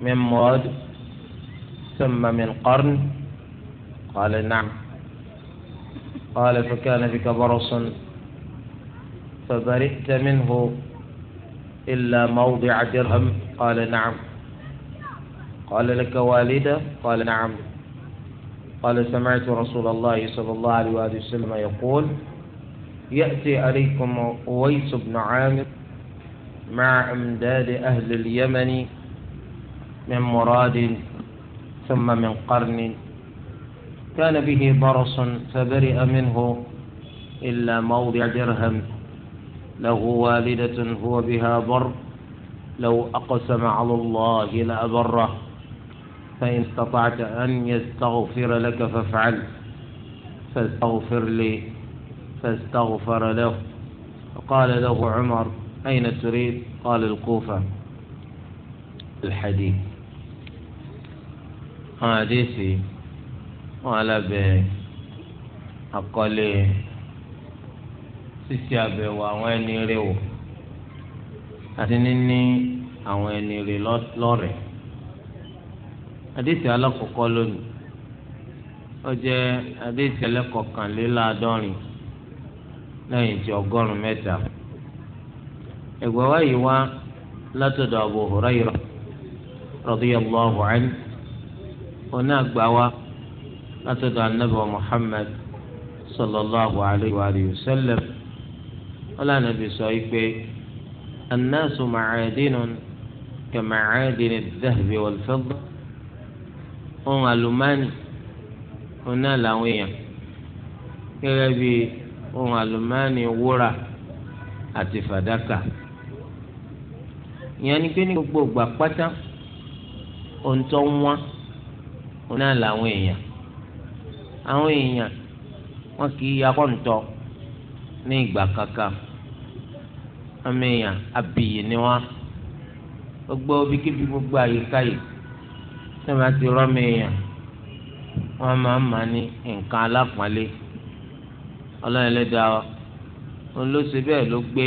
من مراد ثم من قرن قال نعم قال فكان بك برص فبرئت منه إلا موضع درهم قال نعم قال لك والدة قال نعم قال سمعت رسول الله صلى الله عليه وآله وسلم يقول يأتي عليكم أويس بن عامر مع أمداد أهل اليمن من مراد ثم من قرن كان به برص فبرئ منه إلا موضع درهم له والدة هو بها بر لو أقسم على الله لأبره فإن استطعت أن يستغفر لك فافعل فاستغفر لي فاستغفر له فقال له عمر أين تريد قال الكوفة الحديث àwọn àdéhìsì wọn alábẹ àkọlé ṣíṣe àbẹ̀wò àwọn ẹni rẹ wò àti níní àwọn ẹni rẹ lọ́rẹ̀ àdéhìsì alákọ̀ọ́kọ́ lónìí ó jẹ́ àdéhìsì ẹlẹ́kọ̀ọ́kànléláàádọ́rin lẹ́yìn tí ọgọ́rùn-ún mẹ́ta ẹgbẹ́ wa yìí wá látọ̀dọ̀ Abu Hurairah radiyallahu anhu. هنا قوى أتدعى النبي محمد صلى الله عليه وآله وسلم ولا نبي صحيح الناس معادن كمعادن الذهب والفضة هم ألماني هنا لوية كغبي هم ألماني ورا أتفدكا يعني كني gbogbo gbà pátá ohun tó ń wá wọn náà làwọn èèyàn àwọn èèyàn wọn kì í akọ́ǹtọ́ ní ìgbà kankan àmì èèyàn abìyì ni wọn gbogbo bíkíbi gbogbo àyíká yìí tí wọn ti rọmi èèyàn wọn máa ń mà ní nǹkan alápọ̀nlé ọlọ́run ẹlẹ́dàá olóṣè bẹ́ẹ̀ ló gbé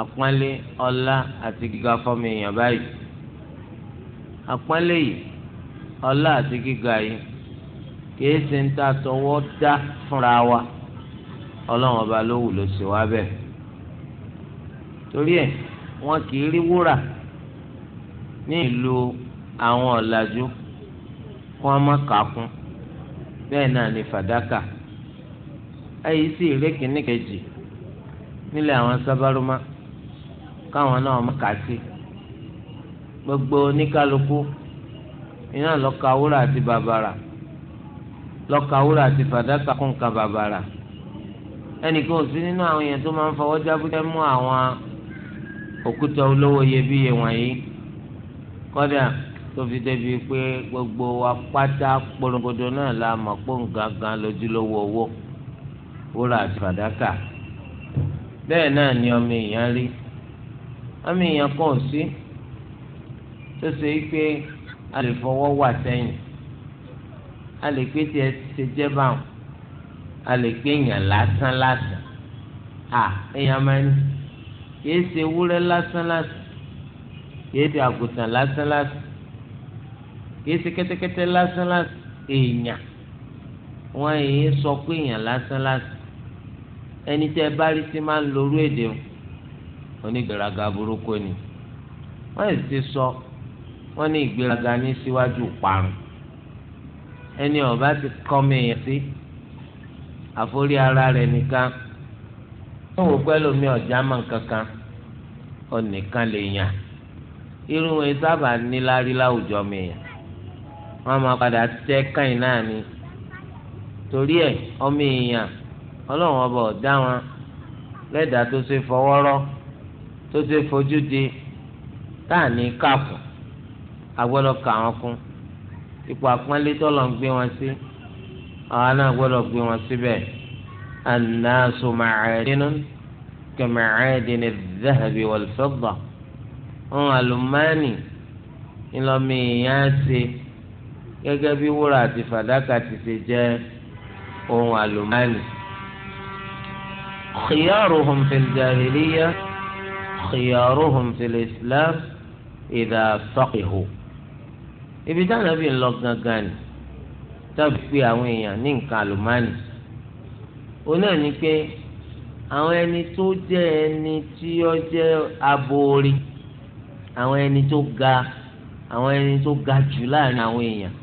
àpọ́nlé ọlá àti gíga fọ́mi èèyàn báyìí àpọ́nlé yìí ọlá àti gíga yìí kìí ṣe ń ta tọwọ́ dá fúnra wa ọlọ́run ọba ló wù ló ṣe wá bẹ́ẹ̀ torí ẹ̀ wọn kì í rí wúrà ní ìlú àwọn ọ̀làjú kó wọn má kà kún bẹ́ẹ̀ náà ni fàdákà ẹ̀yí sì rí kìíní kejì nílẹ̀ àwọn sábàrúmá káwọn náà má kà sí gbogbo oníkálukú iná lọ́ka wúrà àti bàbàrà lọ́ka wúrà àti fàdákà kún ka bàbàrà ẹnìkan ò sí nínú àwọn èèyàn tó máa ń fọwọ́ jábútẹ́ mú àwọn òkúta olówó iyebíye wọ̀nyí kọ́dà tó fi débi pé gbogbo wa pátá polongodo náà la mọ̀ pé nǹkan lójúlówó owó wúrà àti fàdákà bẹ́ẹ̀ náà ni ọmọ èèyàn rí ọmọ èèyàn kan ò sí tó ṣe é pé a lè fọwọ́ wà sẹ́yìn a lè pé tiẹ̀ ṣe jẹ́ báwọn a lè pé èèyàn lásán lásán à èèyàn máa ń kìí ṣe ewúrẹ́ lásán lásán kìí ṣe àgùntàn lásán lásán kìí ṣe kẹ́tẹ́kẹ́tẹ́ lásán lásán èèyàn wọn èèyàn sọ pé èèyàn lásán lásán ẹni tẹ́ bá rí sí máa ń lo orú èdè onígbèraga burúkú ni wọ́n sì ti sọ. So, wọ́n ní ìgbéraga ní síwájú parun ẹni ọba ti kọ́ mẹ́yìn sí àforí ara rẹ̀ nìkan wọ́n wò pẹ́ lómi ọ̀já mọ̀ kankan ọ̀nìkan lè yàn irú wọn sábà níláárí láwùjọ mẹ́yìn wọ́n máa padà tẹ́ káyìn náà ni torí ẹ̀ ọmọ èèyàn ọlọ́run ọba ọ̀dá wọn lẹ́dàá tó ṣe fọwọ́rọ́ tó ṣe fojú di táà ní káàkùn agbọ́dọ̀ kà wọn kún ipò àpọ́nlé tọ́lọ̀ ń gbé wọn sí àwọn náà gbọ́dọ̀ gbé wọn síbẹ̀ annaasu ma'adinun kàmàádìní zahabi wàlfẹ́dà ń alùmánì ńlọmìyàn ṣe bí wúrà àti fàdákà ti ṣe jẹ́ ohun àlùmánì. خيارهم في الجاهلية خيارهم في الإسلام إذا فقهوا ibi táwọn ẹbí ń lọ gangan ni tàbí pé àwọn èèyàn ní nǹkan àlùmánì òun náà ni pé àwọn ẹni tó jẹ́ ẹni tí ó jẹ́ aborí àwọn ẹni tó ga àwọn ẹni tó ga jù láàrin àwọn èèyàn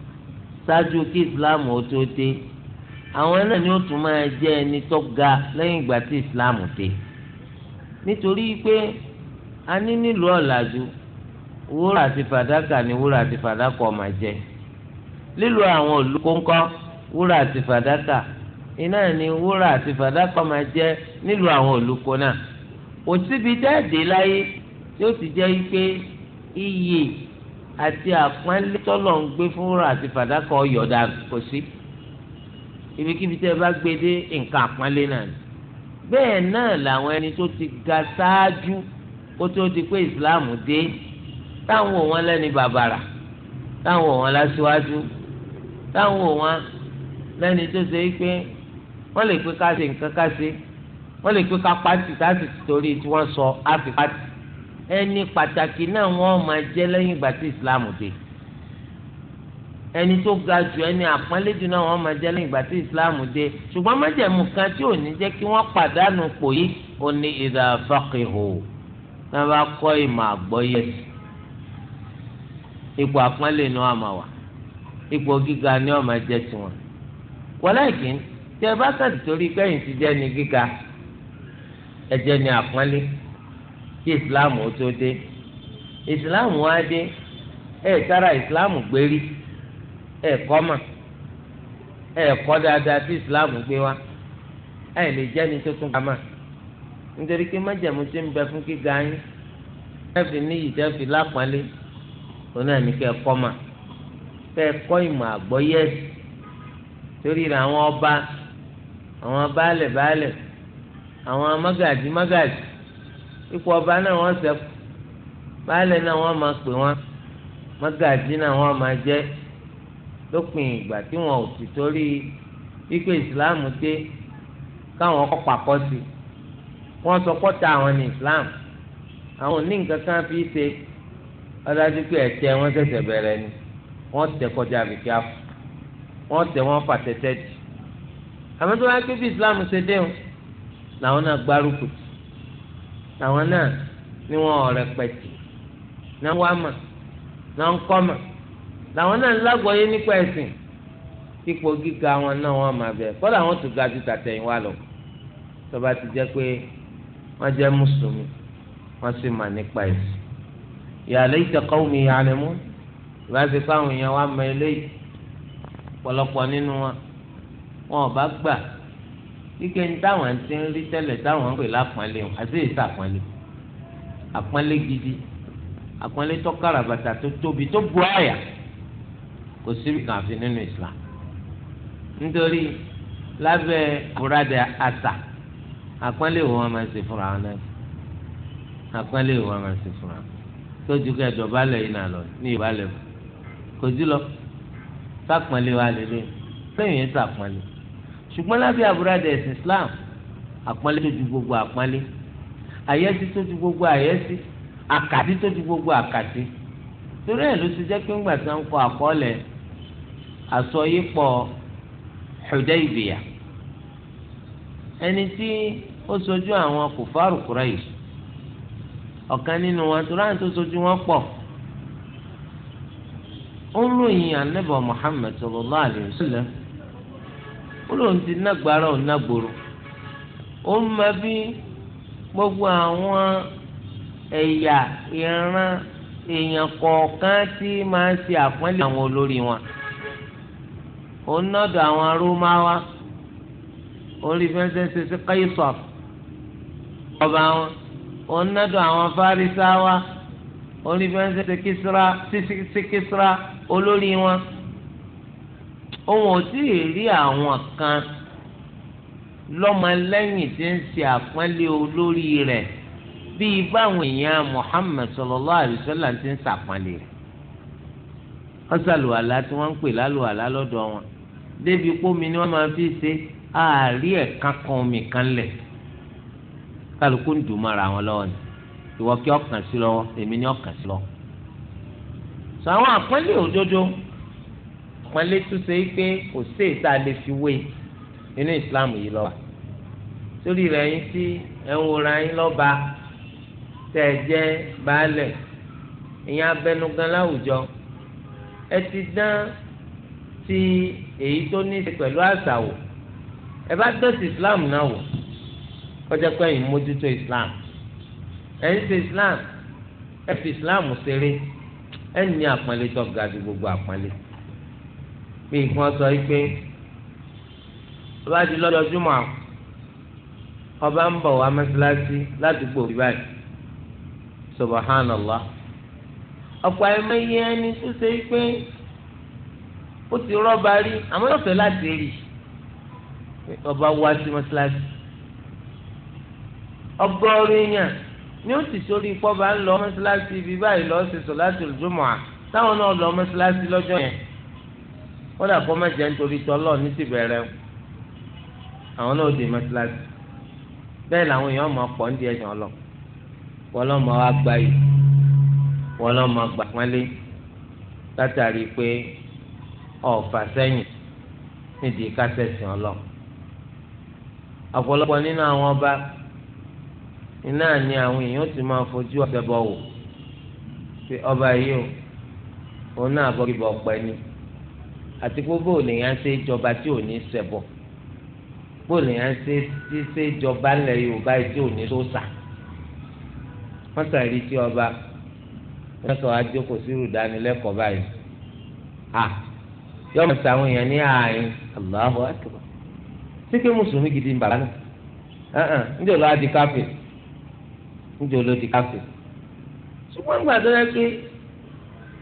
ṣáájú kí islam ó tó dé àwọn náà ni ó tún máa jẹ́ ẹni tó ga lẹ́yìn ìgbà tí islam dé nítorí pé a ní nílùú ọ̀làjú wúrà àti fàdákà ni wúrà àti fàdákà ọmọ jẹ lílo àwọn olùkóńkọ wúrà àti fàdákà iná ni wúrà àti fàdákà ọmọ jẹ nílùú àwọn olùkó náà kò síbi jáde láyé tí ó ti jẹ́ pé iyì àti àpọ́nlé tọ́lọ̀ ń gbé fún wúrà àti fàdákà ọ̀yọ̀dà kò sí ibikíbi tẹ́ ẹ bá gbé dé nǹkan àpọ́nlé náà ni bẹ́ẹ̀ náà làwọn ẹni tó ti ga ṣáájú kó tó di pé ìsìláàmù dé táwọn ò wọn lẹ́ni bàbàrà táwọn ò wọn lásìwájú táwọn ò wọn lẹ́ni tó ṣe é pé wọ́n lè pé ká ṣe nǹkan ká ṣe wọ́n lè pé ká pàtì láti torí tí wọ́n sọ á fi pàtì ẹni pàtàkì náà wọ́n máa jẹ́ lẹ́yìn ìgbà tí ìsìláàmù dé ẹni tó ga jù ẹni àpọ́nlẹ́jù náà wọ́n máa jẹ́ lẹ́yìn ìgbà tí ìsìláàmù dé ṣùgbọ́n májẹ̀mú kan tí ò ní jẹ́ kí wọ́n pàdánù pò yìí ò ní ìdàfàkìhò náà bá kọ́ ìmọ̀ àgbọ́yé sí ipò àpọ́nlé ni wọ́n máa wà ipò gíga ni wọ́n máa jẹ́ tiwọn. wọ́láìkín tí ẹ bá kàdì torí kẹ́yìn ti jẹ́ ni gíga ẹ jẹ́ ni àpọ́nlé kí ìsìláàmù ó tó dé ìsìláàmù á dé ẹ tara ìsìláàmù gbérí ẹ kọ́ mà ẹ kọ́ dáadáa tí ìsìláàmù gbé wá ẹ lè jẹ́ ni tó tún ga mà nítorí pé májẹ̀mú ti ń bẹ fún gíga yín ẹ fi níyì tẹ́ fi lápọ́nlé. òun náà ní kẹ́ ẹ kọ́ mà kẹ́ ẹ kọ́ ìmọ̀ àgbọ́yé ẹ̀sìn torí rẹ̀ àwọn ọba àwọn baálẹ̀ baálẹ̀ àwọn mágàjí mágàjí ipò ọba náà wọ́n ṣẹ́kù baálẹ̀ náà wọ́n máa pè wọ́n mágàjí náà wọ́n máa jẹ́ lópin ìgbà tí wọn ò sì torí ikú ìsìláàmù dé káwọn kọ́ pàkọ́ sí wọ́n sọ pọ́ta àwọn ní ìsìláàmù àwọn ò nǹkan kan fi ṣe ọdájú pé ẹ̀tẹ́ wọn ṣẹ̀ṣẹ̀ bẹ̀rẹ̀ ni wọ́n tẹ kọjá àbíkí àfọ̀ wọ́n tẹ wọ́n fà tẹ́tẹ́ jù àmọ́ tó wá pé bí Islam ṣe déhùn làwọn náà gbárùkù tì làwọn náà ní wọn ọ̀rẹ́ pẹ̀tì náà wá mà náà ń kọ́ mà làwọn náà lágbọ́yé nípa ẹ̀sìn ipò gíga wọn náà wọn máa bẹ̀ kọ́dà wọn tún ga ju tàtẹ̀yìn wa lọ tó bá ti jẹ́ pé wọ́n jẹ́ mùsùlùmí wọ́n sì mà nípa ẹ̀sìn ya laita qaumi ya'lamun ìbá ṣe fáwọn èèyàn wa mọ eléyìí pọ̀lọpọ̀ nínú wọn wọn ò bá gbà kíkẹ́ ní táwọn ti ń rí tẹ́lẹ̀ táwọn ń pè lápọ́nlé wọn àti èyí sàpọ́nlé àpọ́nlé gidi àpọ́nlé tó kárabàtà tó tóbi tó bu àyà kò síbi kan nínú Islam nítorí lábẹ́ bùrádà àṣà àpọ́nlé wọn máa ṣe fúnra wọn náà àpọ́nlé wọn máa ṣe fúnra wọn tójú ká ìdọ̀bálẹ̀ yìí nà lọ ní ìbálẹ̀ mu kò jú lọ sàpọ̀nlé wa lè lè lẹ́yìn yẹn sàpọ̀nlé ṣùgbọ́n lábẹ́ àbúradà ẹ̀sìn Islam àpọ́nlé tójú gbogbo àpọ́nlé àyẹ́sí tójú gbogbo àyẹ́sí àkàtí tójú gbogbo àkàtí torí ẹ̀ ló ti jẹ́ pé ńgbà tí wọ́n kọ àkọọ́lẹ̀ àsọyípọ̀ Hudaybiyah ẹni tí ó sojú àwọn kòfàrù Quraysh ọ̀kan nínú wọn tó ráǹtó sojú wọn pọ̀ ó ń ròyìn anábọ̀ Muhammad sallallahu alaihi wasallam ó lóun ti nágbára ò nágboro ó ń mọ bí gbogbo àwọn ẹ̀yà ìran èèyàn kọ̀ọ̀kan tí máa ń ṣe àpọ́nlé àwọn olórí wọn ó ń nọ́dọ̀ àwọn rómáwá orí fẹ́ńsẹ̀ ṣe sí Kaisar ọba òun nádùn àwọn fárísáwá onífẹ́ǹsẹ̀ ti kísra sí kísra olórí wọn òun ò tí ì rí àwọn kan lọ́mọlẹ́yìn tí ń ṣe àpọ́nlé olórí rẹ̀ bíi báwọn èèyàn Muhammad sallallahu alaihi wasallam ti ń ṣàpọ́nlé rẹ̀ wọ́n ṣàlùwàlá tí wọ́n ń pè lálùwàlá lọ́dọ̀ wọn débi pómi ni wọ́n máa fi ṣe àárí ẹ̀ka kan omi kan lẹ̀ kálukú ń dùn mọ́ra wọn lọ́wọ́ ni ìwọ kí ọkàn sí lọ́wọ́ èmi ní ọkàn sí lọ́wọ́. sọ àwọn àpọ́nlé òdodo àpọ́nlé tún pé kò sí èyí lè fi wé nínú Islam yìí lọ́wọ́ sórí rẹ̀ yín tí ẹ̀ ń wòran yín lọ́ba tẹ̀ jẹ́ baálẹ̀ ìyẹn abẹnugan láwùjọ ẹ ti dán ti èyí tó ní í ṣe pẹ̀lú àṣà ẹ bá dọ́sí Islam náà wò kọjá pé ẹ̀yin mójútó islam ẹ̀yin ṣe islam ẹ fi islam ṣeré ẹ̀yin ní àpọ́nlé tó ga ju gbogbo àpọ́nlé bí nǹkan sọ yìí pé ọba ti lọ́dọ̀ júmọ̀ ọba ń bọ̀ wá mẹ́sàlásí ládùúgbò bíbáyìí subhanallah ọ̀pọ̀ ẹ̀mẹ́yẹ ẹni tó ṣe é pé ó ti rọ́ọ̀bà rí àmọ́ yóò fẹ́ láti rí ọba wá sí mọ́sálásí ọgọ́rin èèyàn ni ó sì sórí ipò bá ń lọ mọ́ṣáláṣí ibi báyìí lọ́ọ́ ṣe sọ̀láṣí Jímọ̀ à táwọn náà lọ mọ́ṣáláṣí lọ́jọ́ yẹn wọ́n dà kọ́ mẹ́jẹ nítorí tọ́lọ́ ní ti bẹ̀rẹ̀ àwọn náà dé mọ́ṣáláṣí bẹ́ẹ̀ làwọn èèyàn mọ̀ pọ̀ ń di ẹ̀yàn lọ wọ́n lọ́ mọ́ agbá yìí wọ́n lọ́ mọ́ gbà pọ́nlé látàrí pé ọ̀fà sẹ́yìn nídìí kásẹ̀sìn ọlọ́ ọ̀pọ̀lọpọ̀ nínú àwọn ọba iná ni àwọn èèyàn ti máa fojú ọ̀sẹ̀ bọ̀ wò pé ọba yìí o òun náà bọ́ kíbọ̀ pẹ́ ni àti pé bó lèèyàn ṣe jọba tí ò ní ṣẹbọ bó lèèyàn ṣe ti ṣe jọba ńlẹ̀ Yorùbá tí ò ní sóòṣà wọ́n sàrí tí ọba wọ́n sọ àjókòó sí ìrùdánilẹ́kọ̀ọ́ báyìí à yọmọ sàwọn èèyàn ní ààyè Allahu akbar síkè mùsùlùmí gidi ń bàbá náà ǹjẹ́ lọ́wọ́ á di káfíìn níjẹ́ olódi káfẹ́ ṣùgbọ́n ìgbà tó yẹ pé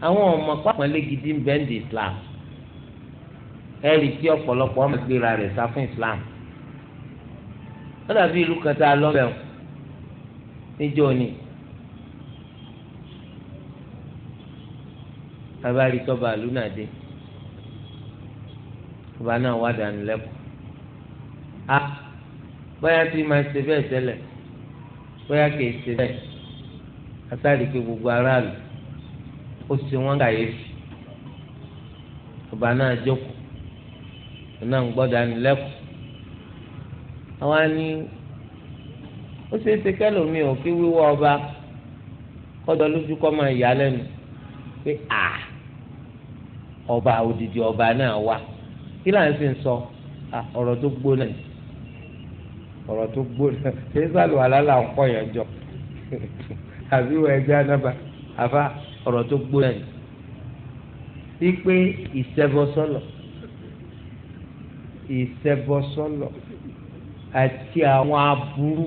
àwọn ọmọ pápánlé gidi ń bẹ́ẹ̀ di Islam ẹ̀rì tí ọ̀pọ̀lọpọ̀ ọmọ ìgbéra rẹ̀ sá fún Islam ó dàbí ìlú kan tá a lọ bẹ̀rù níjọ́ ni abárí tọ́ba ìlú náà dé ọba náà wá dànù lẹ́kọ̀ọ́ a báyà tí màá ṣe bẹ́ẹ̀ tẹ́lẹ̀ bóyá kìí ṣe bẹ́ẹ̀ asáàdì pé gbogbo aráàlú ó ṣe wọ́n kàyéfì ọba náà jókòó ọ̀nà ń gbọ́dọ̀ ànilẹ́kùn àwa ni ó ṣeé ṣe mi ò kí wíwọ́ ọba kọ́jọ lójú kọ́ máa yà lẹ́nu pé à ọba òdìdí ọba náà wà kí láǹsì sọ ọ̀rọ̀ tó gbóná yìí. ọ̀rọ̀ tó gbóná ṣé sálù àlálà ń kọ́ yẹn jọ àbí wọ ẹgbẹ́ anábà àfa ọ̀rọ̀ tó gbóná ni wípé ìṣẹ́bọsọ́lọ̀ ìṣẹ́bọsọ́lọ̀ àti àwọn aburú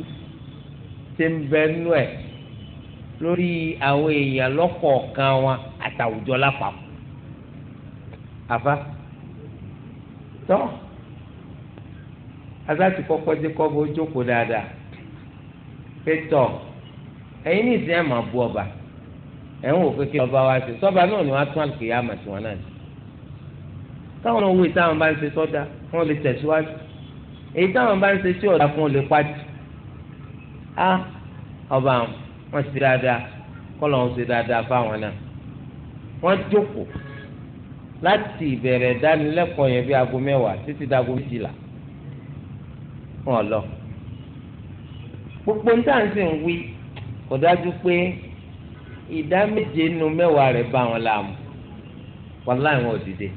tí ń bẹ nú ẹ̀ lórí àwọn èèyàn lọ́kọ̀ọ̀kan wọn àtàwùjọ lápapọ̀ àfa tọ́. So, asáti kọ́kọ́ dé kọ́bọ̀ ó jókòó dáadáa pétọ́ ẹ̀yin ní ìsìn bu ọba ẹ̀ ń wò kékeré wa ṣe sọ́ba náà ni wọ́n á tún àlùkè yá màtí wọn náà ṣe táwọn owó ìtàwọn bá ń ṣe sọ́dá wọ́n lè tẹ̀síwájú èyí táwọn bá ń ṣe sí ọ̀dà fún olè pàjì á ọba wọn ṣe dáadáa kọ́lọ̀ wọn ṣe dáadáa fáwọn náà wọ́n jókòó láti ìbẹ̀rẹ̀ ìdánilẹ́kọ̀ọ́ yẹn bí aago mẹ́wàá títí dago méjìlá wọn lọ gbogbo ní tàǹsì wí kò dájú pé ìdá méje nu mẹ́wàá rẹ̀ bá wọn láàmú wọn láì wọn ò dìde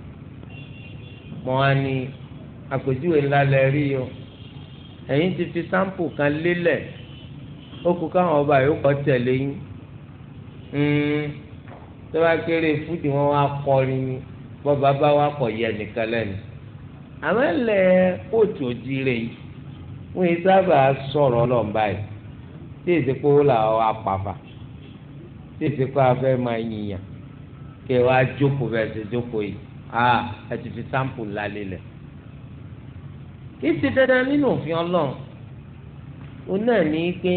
mọ wá ní àpèjúwe o ti fi sáǹpù kan lélẹ̀ ó kú káwọn ọba yòókù tẹ̀lé yín kéré wọn wá ni bá wà kọ̀ yẹ nìkan lẹ́nu àmọ́ kóòtù òjì wọn yìí sábà sọ̀rọ̀ ọlọ́run báyìí tí èsì pé ó là ọ apàfà tí èsì pé a fẹ́ máa yìnyàn kí ẹ wáá jókòó bẹ́ẹ̀ ṣe jókòó yìí ah ẹ ti fi sáǹpù lálẹ́ lẹ̀ kí ṣe dandan nínú òfin ọlọ́run òun náà ní pé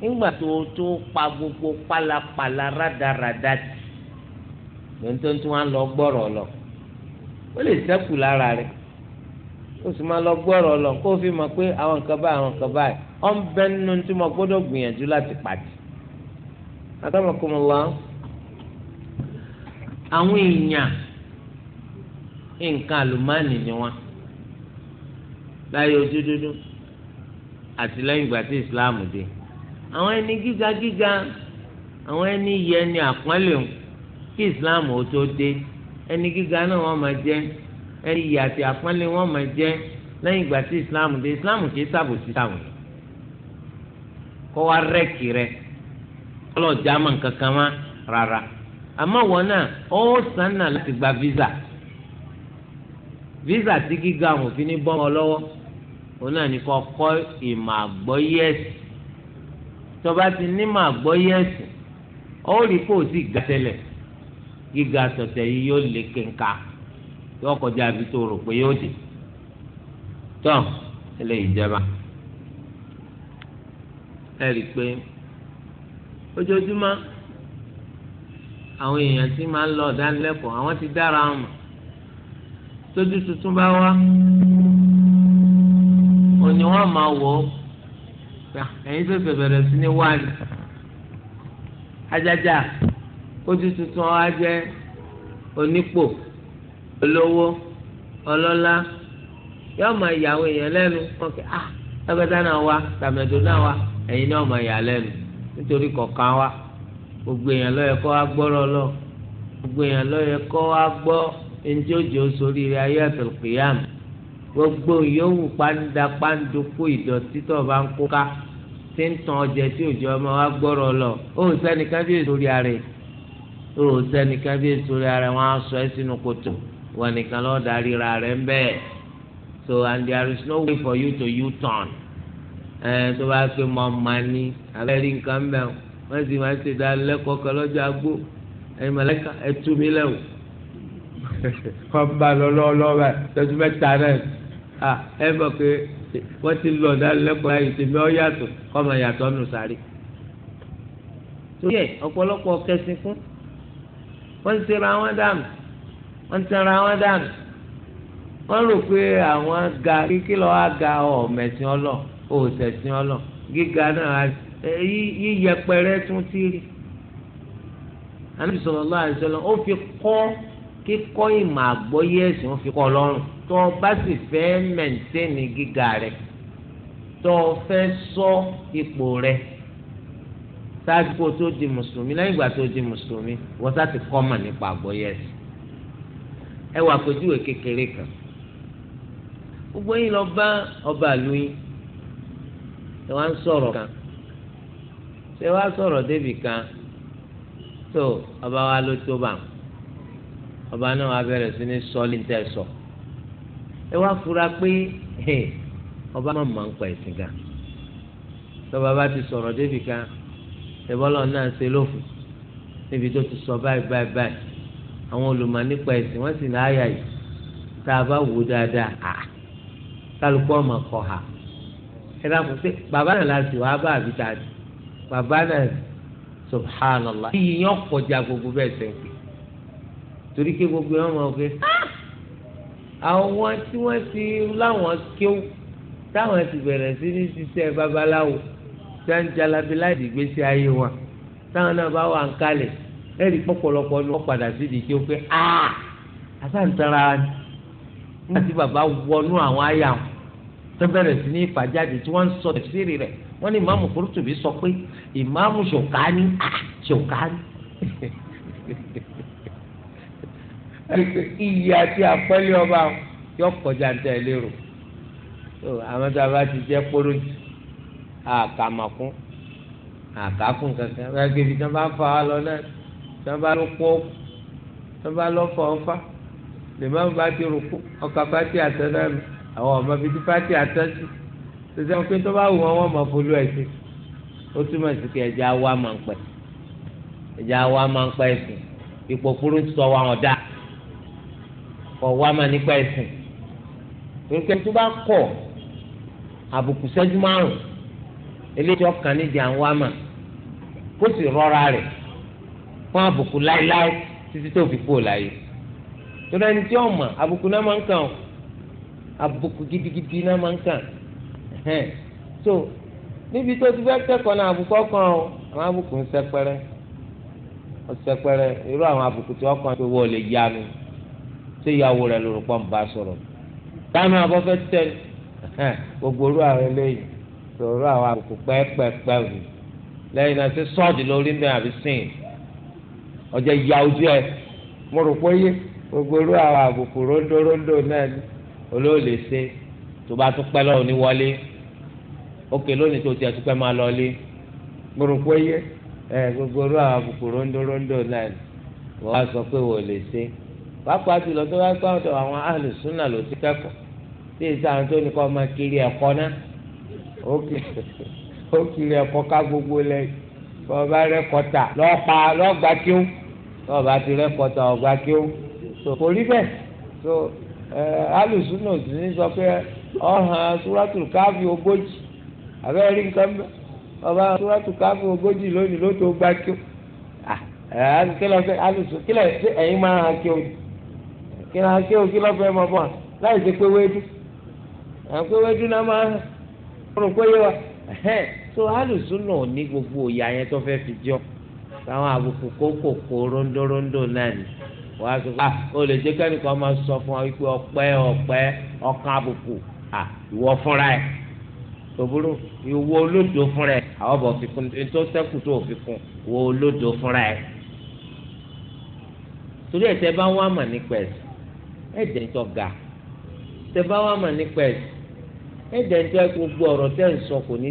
nígbà tó o tó pa gbogbo pálapàla rádaràda tì lóńtóńtó wọn lọ gbọ́rọ̀ lọ ó lè sẹ́kù lára rẹ̀ o sì máa lọ gbọ́rọ̀ lọ kó o fi mọ̀ pé àwọn nǹkan báyìí àwọn nǹkan báyìí ọ̀n bẹ nínú tí mo gbọ́dọ̀ gbìyànjú láti pàdé. àtàmọ̀kùnmọ̀lá àwọn èèyàn nǹkan àlùmáànì ni wọn láyé ojú dúdú àti lẹ́yìn ìgbà tí Islam dé àwọn ẹni gíga gíga àwọn ẹni yẹ ẹni àpọ́nlé kí Islam ó tó dé ẹni gíga náà wọ́n máa jẹ́ ẹ̀rí ìyà àti àpọ́nlé wọn máa jẹ́ lẹ́yìn ìgbà tí islam dé islam kì í sàbò sí sàwọn kọ́ wa rẹ́ẹ̀kì rẹ kọ́lọ̀ jámà kankan má rárá àmọ́ wọn náà ó sànà láti gba visa visa tí gíga àwọn òfin ní bọ́ ọ lọ́wọ́ òun náà ní kọ́ kọ́ ìmọ̀ àgbọ́yé ẹ̀sìn tọba ti ní ìmọ̀ àgbọ́yé ẹ̀sìn ó rí kó o sì gàtẹ́lẹ̀ gíga sọ̀tẹ̀ yìí yóò lé kéńkà yóò kọjá àbí tó rò pé yóò dé tọ́ eléyìí jẹba ẹ rí i pé ojoojúmọ́ àwọn èèyàn tí máa ń lọ ọ̀dánilẹ́kọ̀ọ́ àwọn ti dára wọn tójú tuntun bá wá òní wọn máa wọ ẹ̀yin ṣẹ̀ṣẹ̀ bẹ̀rẹ̀ sí ní wáàlì ajájà ojú tuntun wa jẹ́ onípò. olówó ọlọ́lá yóò máa yà àwọn èèyàn lẹ́nu kọ́kẹ́ ah lágbàdá náà wá tàmẹ̀dò náà wá ẹ̀yin náà máa yà lẹ́nu nítorí kọ̀ọ̀kan wa gbogbo èèyàn wá lọ gbogbo èèyàn ló wá gbọ́ gbogbo yòówù pàǹdà pàǹdùkú ìdọ̀tí tó bá ń kó ká tí ń tan lọ ó ara ó wọn nìkan lọ́ọ́ darí ra rẹ̀ ń bẹ́ẹ̀ so and there is no way for you to u-turn ẹ tó bá pé mọ mani abẹ́rẹ́ nǹkan bẹ́ẹ̀ wọ́n sì máa ń ṣe ìdánilẹ́kọ̀ọ́ kan lọ́jọ́ agbó ẹ̀yin mọ̀lẹ́ka ẹ tú mi lẹ́wọ̀ wọ́n bá lọ lọ́ọ́lọ́ọ́ báyìí tọ́jú mẹ́ta náà ẹ mọ̀ pé wọ́n ti lọ ìdánilẹ́kọ̀ọ́ ayé tèmi ọ́ yàtọ̀ kọ́ máa yàtọ̀ nù sáré torí ẹ̀ ọ̀pọ̀lọpọ̀ kẹsìn fún wọ́n ń ṣe ra wọn dànù wọ́n ti ra wọn dànù wọ́n rò pé àwọn ga kíkí lọ wá ga ọmẹsìn ọlọ òsẹsìn ọlọ gíga náà yíyẹpẹrẹ tún ti rí Ànábì sallallahu alaihi wasallam ó fi kọ́ kíkọ́ ìmọ̀ àgbọ́yé ẹ̀sìn ó fi kọ́ lọ́rùn tó o bá sì fẹ́ mẹ̀ǹtẹ́ẹ̀nì gíga rẹ̀ tó o fẹ́ sọ ipò rẹ̀ ṣáájú kó o tó di mùsùlùmí lẹ́yìn ìgbà tó o di mùsùlùmí wọ́n sá ti kọ́ mọ̀ nípa àgbọ́yé ẹ̀sìn ẹ wà àpèjúwe kékeré kan gbogbo yín lọ bá ọba ìlú yín ẹ wá ń sọ̀rọ̀ kan ṣé wá sọ̀rọ̀ débì kan tó ọba wa ló tó bá ọba náà wá bẹ̀rẹ̀ sí ní sọ́ọ́lì ń tẹ̀ sọ ẹ wá fura pé ọba máa máa ń pa ẹ̀sìn gan tọba bá ti sọ̀rọ̀ débì kan ẹ̀bọ́lọ́ náà ṣe lófin níbi tó ti sọ báyìí báyìí báyìí àwọn olùmọ̀ nípa ẹ̀sìn wọ́n sì ní àyà yìí tá a bá wò dáadáa à kálukú ọmọ kọ hà ẹ dákun sí bàbá náà láti wàá bá àbí tá a di bàbá náà subhanallah yìí yàn kọjá gbogbo bẹ́ẹ̀ sẹ́ ń pè torí ké gbogbo ẹ̀ ọmọ ọ̀gbẹ́ àwọn tí wọ́n ti láwọn kéw táwọn ti bẹ̀rẹ̀ sí ní ṣiṣẹ́ babaláwo tí wọ́n ń jalabi láti gbèsè ayé wọn táwọn náà bá wà ń kalẹ̀ ẹ̀rí pọ̀pọ̀lọpọ̀ ni wọ́n padà sí ìdíje pé aa ah, asáǹtara nígbàtí bàbá wọnú àwọn àyà wọn tó bẹ̀rẹ̀ sí ní ìfàjáde tí wọ́n ń sọ tẹ̀síìrì rẹ̀ wọ́n ní ìmáàmù Kúrútùbí sọ pé ìmáàmù ṣòkání ah, ṣòkání iyì àti àpẹẹlẹ ọba yọ kọjá ń tẹ lérò àwọn tá a bá ti jẹ kpọrọ jù àkàmàkún àkàkùn kankan wọn gbèbí tí wọn bá fà á lọ náà tọ́ba ló kú ọ́kú tọ́ba lọ́fọ̀ ọ́fà lèmọ́ bá ti rúkú ọkà pátí àtẹ náà mi àwọn ọmọ bíi ti pátí àtẹ sí ṣẹṣẹ pé tọ́ba wù wọn wọn mọ̀ fọlú ẹ̀ sí ó túmọ̀ sí pé ẹ̀jẹ̀ awa máa ń pẹ́ ẹ̀jẹ̀ awa máa ń pẹ́ ẹ̀sìn ipò kúrú ń sọ wa ọ̀dà kọ̀ wá máa nípa ẹ̀sìn pé tó bá kọ̀ àbùkù sẹ́jú márùn-ún eléjọ́ kan nídìí àwọn wá máa kó sì rọra rẹ̀ fún àbùkù láéláé títí tó fi kú láyé torí ẹni tí ọmọ àbùkù náà máa ń kàn àbùkù gidigidi náà máa ń kàn so níbi tó ti fẹ́ kẹ́kọ̀ọ́ náà àbùkù ọkàn o àwọn àbùkù ń sẹpẹrẹ ọsẹpẹrẹ irú àwọn àbùkù tí ọkàn pé wọ́n lè yá mi ṣé ìyàwó rẹ̀ lórí pọ́ǹ bá sọ̀rọ̀ táwọn abọ́fẹ́ tẹ gbogbo orú àwọn eléyìí sọ̀rọ̀ àwọn àbùkù pẹ́ẹ́pẹ́ẹ́pẹ́ lẹ́yìn náà ṣe sọ́ọ̀dì lórí mẹ́ àbí sìn ọjọ ìyá ojú ẹ mo rò pé gbogbo irú àwọn àbùkù rondo rondo náà ni olóòlè ṣe tó bá tún pẹ́ lọ́wọ́ ní wọlé òkè lónìí tó tiẹ̀ tún pẹ́ máa mo rò pé gbogbo irú àwọn àbùkù náà ni wọ́n á sọ pé wò lè ṣe pápá tó ọ̀dọ̀ àwọn ló ti kẹ́kọ̀ọ́ tí tó kiri ẹ̀kọ́ kiri ẹ̀kọ́ ká gbogbo lẹ́yìn bọ́ọ̀ bá rẹ́kọ̀ọ́ ta lọ́ọ́ pa lọ́ọ́ tó o ti rẹ́kọ̀tà ọ̀gbá kí ó tó kò bẹ́ẹ̀ tó alùsùnà òsì ní sọ pé ọ̀hàn sùràtù káfí ogójì nǹkan bẹ́ẹ̀ ọba sùràtù káfí ogójì lónìí ló tó gbá kí ó alùsùn kílẹ̀ ẹ̀yin máa hàn kí ó kí ló hàn kí ó kí ló fẹ́ mọ́ bọ́ọ̀ láì ṣe pé wéjú wéjú náà máa hàn táwọn àbùkù kókòkò rondórondó náà ni wàá sọ pé ó ah, lè jẹ́ kẹ́nìkan máa sọ fún ọ pé ọpẹ́ ọpẹ́ ọkàn àbùkù ah, ìwọ fúnra ẹ̀ tòbúrò ìwọ olódò fúnra ẹ̀ àwọn bọ̀ fi kún ní tó sẹ́kù tó fi kún ìwọ olódò fúnra ẹ̀ torí ẹ̀ tẹ́ bá wà mà ní pẹ̀sì ẹ̀ jẹ́ nítorí ga tẹ́ bá wà mà ní pẹ̀sì ẹ̀ jẹ́ nítorí gbogbo ọ̀rọ̀ tẹ́ ń sọ kò ní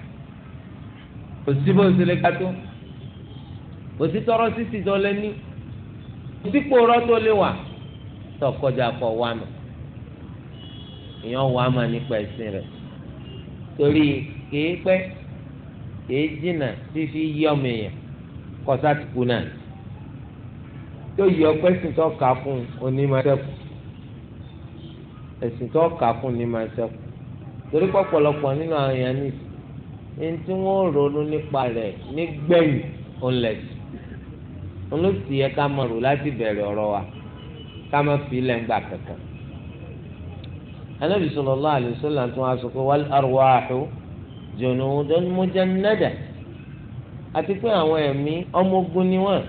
òsì bó ṣe lè ká tó òsì tọrọ sísì tó lé ní òsì kpòrọ tó lé wà tó kọjá kọ wà mọ èèyàn wà mọ nípa ẹsìn rẹ torí kìí pẹ́ kìí jìnnà fífi yí ọmọ èèyàn kọsá ti kú náà tó yí ọpẹ sìn kà fún onímọ̀ ẹsẹ̀kù kà fún onímọ̀ torí pọ̀pọ̀lọpọ̀ nínú àwọn èèyàn nìyí ẹni tí wọ́n ronú nípa rẹ̀ nígbẹ̀yìn ọ̀lẹ́sì olóòtú yẹ ká mọ̀ rò láti bẹ̀rẹ̀ ọ̀rọ̀ wa ká má fi ilẹ̀ ń gbà kankan. anábì sallallahu alaihi wasallam tún wá sọ pé wal arwahu junudun mujannada àti pé àwọn ẹ̀mí ọmọ ogun ni wọ́n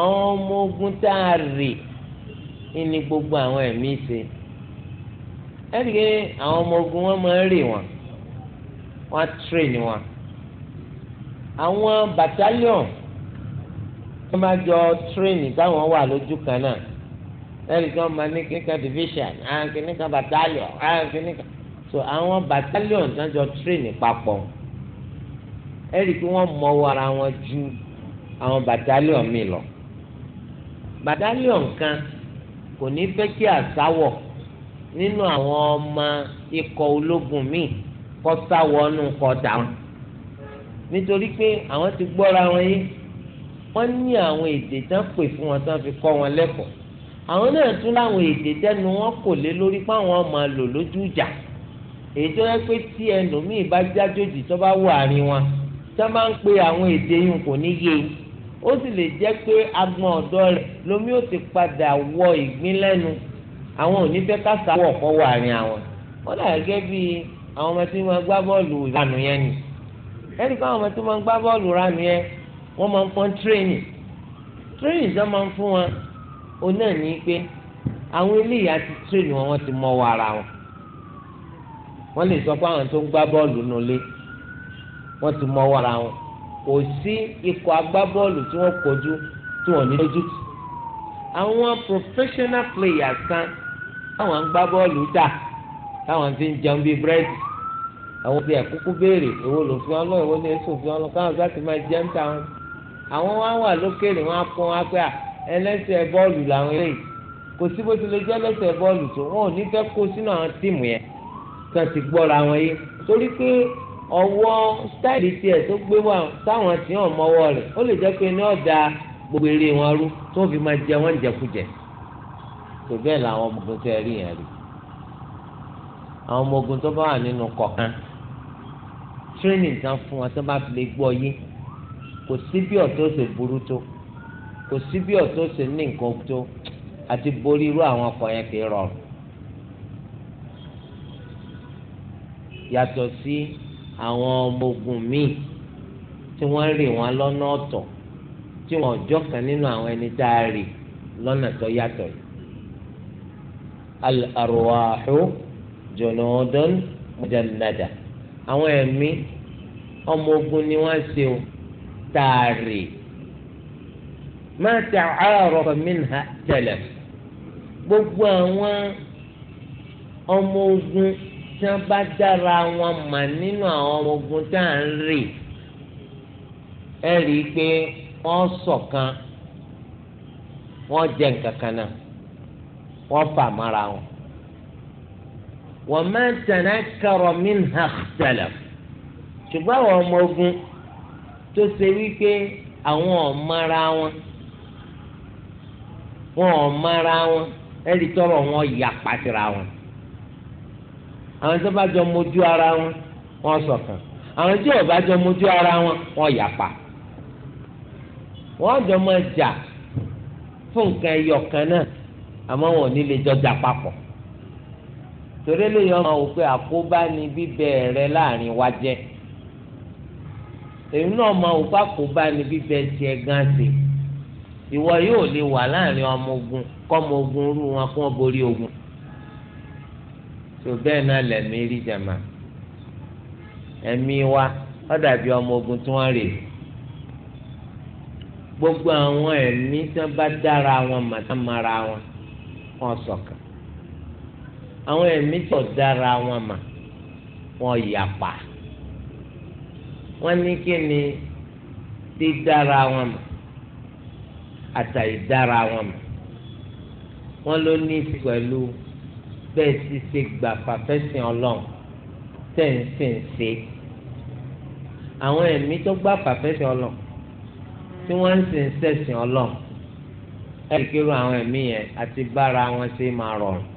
àwọn ọmọ ogun tá a rè ní gbogbo àwọn ẹ̀mí ṣe ẹ̀rí pé àwọn ọmọ ogun wọn máa rè wọn wọ́n á train wọn àwọn battalion wọ́n máa jọ train táwọn wà lójú kan náà lẹ́yìn tí wọ́n máa ní kíníkan division àwọn kíníkan battalion àwọn kíníkan so àwọn battalion náà jọ train papọ̀ ẹ̀rí kí wọ́n mọwọ́ ara wọn ju àwọn battalion mi lọ battalion kan kò ní fẹ́ kí àsáwọ̀ nínú àwọn ọmọ ikọ̀ ológun míì kọ́ sáwọ́nù kọ́ dàrún nítorí pé àwọn ti gbọ́ra wọn yé wọ́n ní àwọn èdè tán pè fún wọn tán fi kọ́ wọn lẹ́kọ̀ọ́ àwọn náà tún láwọn èdè tẹnu wọn kò lé lórí fáwọn máa lò lójú ìjà èyí tó yẹ pé tí ẹlòmíì bá jájòjì tó bá wọ àárín wọn tó máa ń pe àwọn èdè yìí kò ní yé e ó sì lè jẹ́ pé agbọn ọ̀dọ́ rẹ̀ lomi ó ti padà wọ ìgbín lẹ́nu àwọn ò ní fẹ́ ká sáwọ̀ kọ́ wọ àárín àwọn wọn dà gẹ́gẹ́ bíi àwọn ọmọ tí wọ́n gbá bọ́ọ̀lù ìranù yẹn ni ẹnì kan àwọn ọmọ tí wọ́n gbá bọ́ọ̀lù ìranù yẹn wọ́n máa ń fọ́n tírénì tírénì tó máa ń fún wọn òun náà ní pé àwọn eléyìí àti tírénì wọn ti mọ wọ ara wọn lè sọ pé àwọn tó ń gbá bọ́ọ̀lù nulẹ̀ wọ́n ti mọ wọ wọn kò sí ikọ̀ agbábọ́ọ̀lù tí wọ́n kojú tí wọ́n ní lójú tì àwọn professional players kan àwọn agbábọ́ọ̀lù dáa táwọn fi ń jẹun bíi búrẹ́dì àwọn ti ẹ̀kúkú béèrè owó ló fi ọlọ́ ìwọ ní èso fi ọlọ́ káwọn sáti máa jẹun táwọn àwọn wá wà lókèrè wọn á pọn wá pé ẹlẹ́sẹ̀ bọ́ọ̀lù làwọn eré kò sí bó ti lè jẹ́ ẹlẹ́sẹ̀ bọ́ọ̀lù tó wọn ò ní fẹ́ kó sínú àwọn tíìmù yẹn kan ti gbọ́ra wọn yé torí pé ọwọ́ sítáìlì tiẹ̀ tó gbé wà táwọn tí wọn mọ́wọ́ rẹ̀ ó lè jẹ́ pé ní ọ̀dà gbogbo eré wọn rú tó fi máa jẹ wọn jẹkújẹ tó bẹ́ẹ̀ làwọn ọmọ tó tẹ́ rí yẹn rí àwọn ọmọ ogun tó bá wà nínú kọ̀ọ̀kan tírénìn tán fún wọn tó bá fi lè gbọ́ yé kò sí bí ọ̀tọ̀ ṣe burú tó kò sí bí ọ̀tọ̀ ṣe ní nǹkan tó àti borí irú àwọn ọkọ̀ yẹn kì í rọrùn. yàtọ̀ sí àwọn ọmọ ogun míì tí wọ́n rì wọ́n lọ́nà ọ̀tọ̀ tí wọ́n ọjọ́ kan nínú àwọn ẹni tá a rì lọ́nà tó yàtọ̀ yìí. jọlọdọn mujannada àwọn ẹ̀mí ọmọ ogun ni wọ́n ṣe o tààrí má ta àárọ̀ minha tẹlẹ gbogbo àwọn ọmọ ogun tí wọ́n bá dára wọn mà nínú àwọn ọmọ ogun tá à rè ẹ rí i pé wọ́n ṣọ̀kan wọ́n jẹ nǹkan kan náà wọ́n fà mára wọn. wa ma tanakkara minha ikhtalaf ṣùgbọ́n àwọn ọmọ ogun tó ṣe wípé àwọn ọ̀mọ́ra wọn wọn ọ̀mọ́ra wọn ẹ̀rí tọrọ wọn yà pàṣẹra wọn àwọn tó bá jọ mojú ara wọn wọn ṣọ̀kan àwọn tí ò bá jọ mojú ara wọn wọn yà pa wọn jọ máa jà fún nǹkan ẹyọ kan náà àmọ́ wọn ò ní lè jọ jà papọ̀ torí eléyìí ọmọ wò pé àkóbá ni bíbẹ rẹ láàrin wa jẹ èyí náà ọmọ wò pé àkóbá ni bíbẹ tiẹ gan ṣe ìwọ yóò lè wà láàrin ọmọ ogun kọmọ ogun rú wọn kó wọn borí ogun tó bẹ́ẹ̀ náà lẹ̀mí rí jàmá ẹ̀mí wa ó ọmọ ogun tí wọ́n rè gbogbo àwọn ẹ̀mí tí wọ́n bá dára wọn màtá mara wọn wọn ṣọ̀kan àwọn ẹ̀mí tó dára wọn mà wọn yapa wọn ní kí ni dídára wọn mà àtàìdára wọn mà wọn ló ní pẹ̀lú bẹ́ẹ̀ sì ṣe gbà fàfẹ́sìn ọlọ́run tẹ̀ ń sìn ṣe àwọn ẹ̀mí tó gbà fàfẹ́sìn ọlọ́run tí wọ́n ń sìn sẹ̀sìn ọlọ́run ẹ̀rí kírun àwọn ẹ̀mí yẹn àti bára wọn ṣe máa rọrùn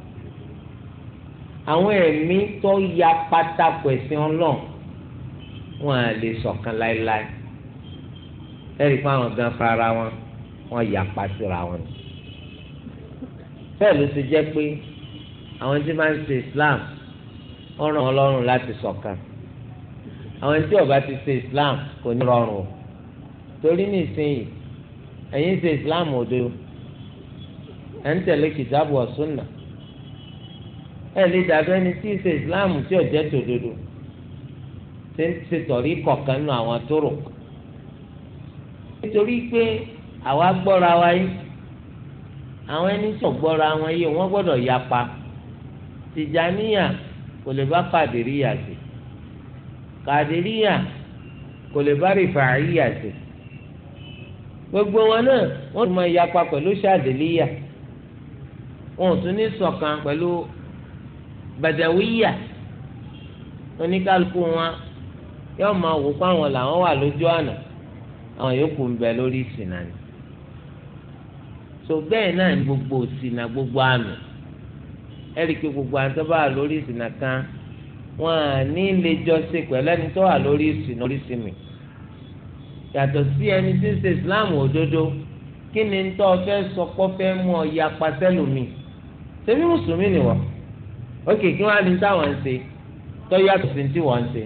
àwọn ẹ̀mí tó ya pátákó ẹ̀sìn ọlọ́run wọn à lè ṣọ̀kan láéláé ẹ̀rí fún àwọn gan fara wọn wọn ya pàṣírà wọn ni. bẹ́ẹ̀ ló ti jẹ́ pé àwọn tí máa ń ṣe Islam ó ràn wọ́n lọ́rùn láti ṣọ̀kan àwọn tí ó bá ti ṣe Islam kò ní rọrùn o torí nísìnyí ẹ̀yin ṣe Islam òdo ẹ̀ ń tẹ̀lé kìtàbù wa sunna ẹ lè dàbẹ́ ni tí ìṣe ìsìláàmù tí ọ̀jẹ́ tòdodo ṣe ń ṣe tọ̀rí kọ̀ọ̀kan nù àwọn tóró nítorí pé àwa gbọ́ra wa yìí àwọn ẹni tí ọ̀gbọ́ra wọn yìí wọ́n gbọ́dọ̀ yapa tìjàníyà kò lè bá kàdìríyà sí kàdìríyà kò lè bá rìfàáyà sí gbogbo wọn náà wọ́n tún máa yapa pẹ̀lú ṣàdìlíyà wọn ò tún ní ṣọ̀kan pẹ̀lú bàdàwíyà oníkálukú wọn yóò máa wò pé àwọn làwọn wà lójú àná àwọn yòókù ń bẹ lórí ìsìnà ni so bẹ́ẹ̀ náà ní gbogbo ìsìnà gbogbo àmì ẹ̀ríkì gbogbo àti tó bá wà lórí ìsìnà kan wọn à ní lè jọ ṣe pẹ̀lú ẹni tó wà lórí ìsìnà orí sinmi yàtọ̀ sí ẹni tí ń ṣe Islam òdodo kí ni ń tọ́ fẹ́ sọ pọ́ fẹ́ mú ọ ya pàṣẹ lómi ṣebí mùsùlùmí nìwọ̀n ok kí wọn á ní táwọn ń ṣe tọ́jú àtúnṣe tí wọ́n ń ṣe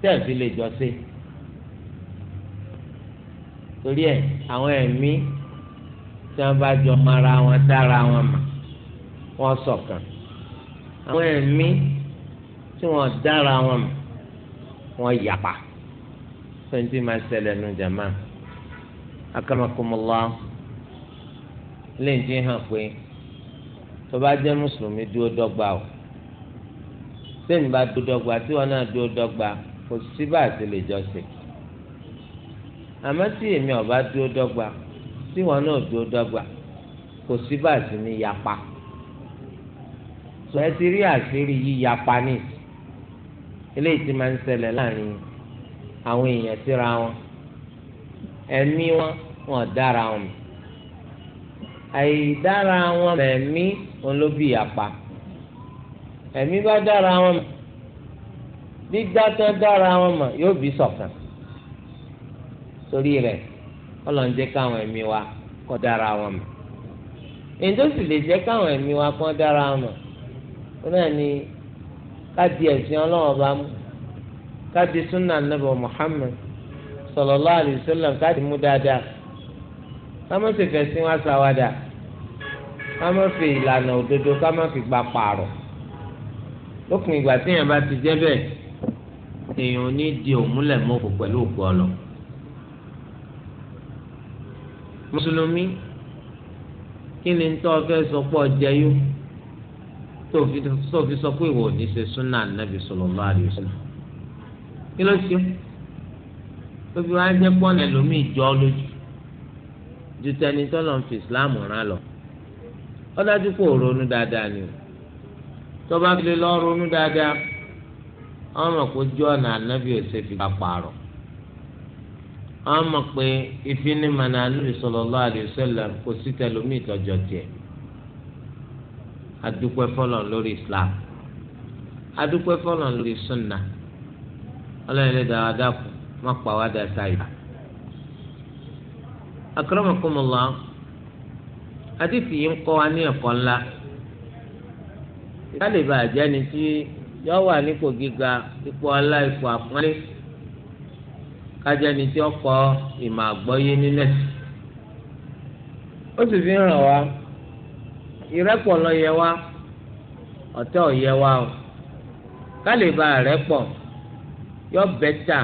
tẹ́ẹ̀ fi lè jọ ṣe torí ẹ̀ àwọn ẹ̀mí tí wọ́n bá jọ mara wọn dára wọn mà wọ́n ṣọ̀kan àwọn ẹ̀mí tí wọ́n dára wọn mà wọ́n yapa fẹ́ẹ́ tí máa ṣẹlẹ̀ nu jàmá akamakumullah lẹ́yìn tí hàn pé tó bá jẹ́ mùsùlùmí dúró dọ́gba o sẹ́yìn bá dúró dọ́gba tí wọn náà dúró dọ́gba kò sí bá àti lè jọ sí àmọ́ tí èmi ọba dúró dọ́gba tí wọn náà dúró dọ́gba kò sí bá àti ní yapa sọ ẹ ti rí àṣírí yí yapa ní eléyìí ti máa ń ṣẹlẹ̀ láàrin àwọn èèyàn síra wọn ẹ̀mí wọn wọn dára wọn àìdára wọn mẹ̀mí wọn ló bí yapa ẹ̀mí bá dára wọn mọ̀ dídá tó dára wọn mọ̀ yóò bí ṣọ̀kan torí rẹ̀ Ọlọ́run káwọn ẹ̀mí wa kọ́ dára wọn mọ̀ èyí lè jẹ́ káwọn ẹ̀mí wa kọ́ dára wọn mọ̀ ó náà ní ká di ẹ̀sìn Ọlọ́run ọba mú ká súnà nàbẹ Muhammad sallallahu alaihi wasallam ká di mú dáadáa ká má sì fẹsìn wá sáwádà ká má ìlànà òdodo ká má gbà pààrọ̀ lópin ìgbà tí èèyàn bá ti jẹ́ bẹ́ẹ̀ èèyàn ò ní di òmúlẹ̀ mọ́kò pẹ̀lú òkú ọlọ. mùsùlùmí kí ni ń tọ́ fẹ́ sọ pé ọjà yó tó fi sọ pé ìwọ ò ní ṣe súnà nàbì sallallahu alaihi wasallam kí ló ṣe ó fi wá jẹ́ pọ́n ẹlòmíì jọ lójú ju tẹni tọ́lọ̀ fi ìsìláàmù rán lọ ó dájú pé òronú dáadáa ni o. tọba fi lè lọ́ọ́ ronú na-anabi kò sí tẹlómi ìtọ́jọ tiẹ̀ adúpẹ́ fọlọ̀ lórí Islam adúpẹ́ fọlọ̀ lórí sunna ọlọ́run lè dára dákun má pa wá dá sáyà. akramakumullah adífìyí ń kọ́ wa ní ẹ̀kọ́ ńlá. ká lè bàa tí yọ wà nípò gíga ipò ọlá ipò àpọ́nlé kájẹ́ tí ó kọ́ ìmọ̀ àgbọ́yé ó sì fi hàn wá ìrẹ́pọ̀ ló yẹ wá ò yẹ wá o ká lè bàa rẹ́pọ̀ yọ bẹ́tà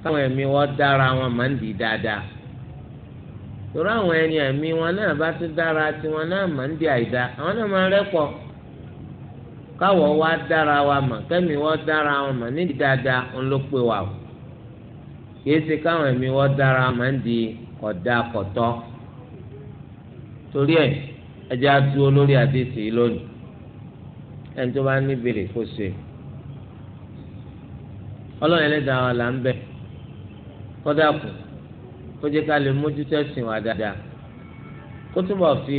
káwọn ẹ̀mí wọn dára wọn máa ń di dáadáa torí àwọn ẹni ẹ̀mí wọn náà bá tún dára tiwọn náà máa ń di àwọn káwọ wa dára wa mọ̀ kẹmi wọ dára wọn mọ̀ nídìí dáadáa ń ló pé wa o kìí ṣe káwọn ẹ̀mí wọ dára wọn mọ̀ ń di kódà kọtọ torí ẹ ẹjẹ atu olórí àdéhìí lónìí ẹni tó bá ní béèrè kó ṣe ọlọ́run ẹlẹ́dàá wa là ń bẹ̀ kódà kù kó jẹ́ ká lè mójútó ẹ̀sìn wa dáadáa kó túbọ̀ fi.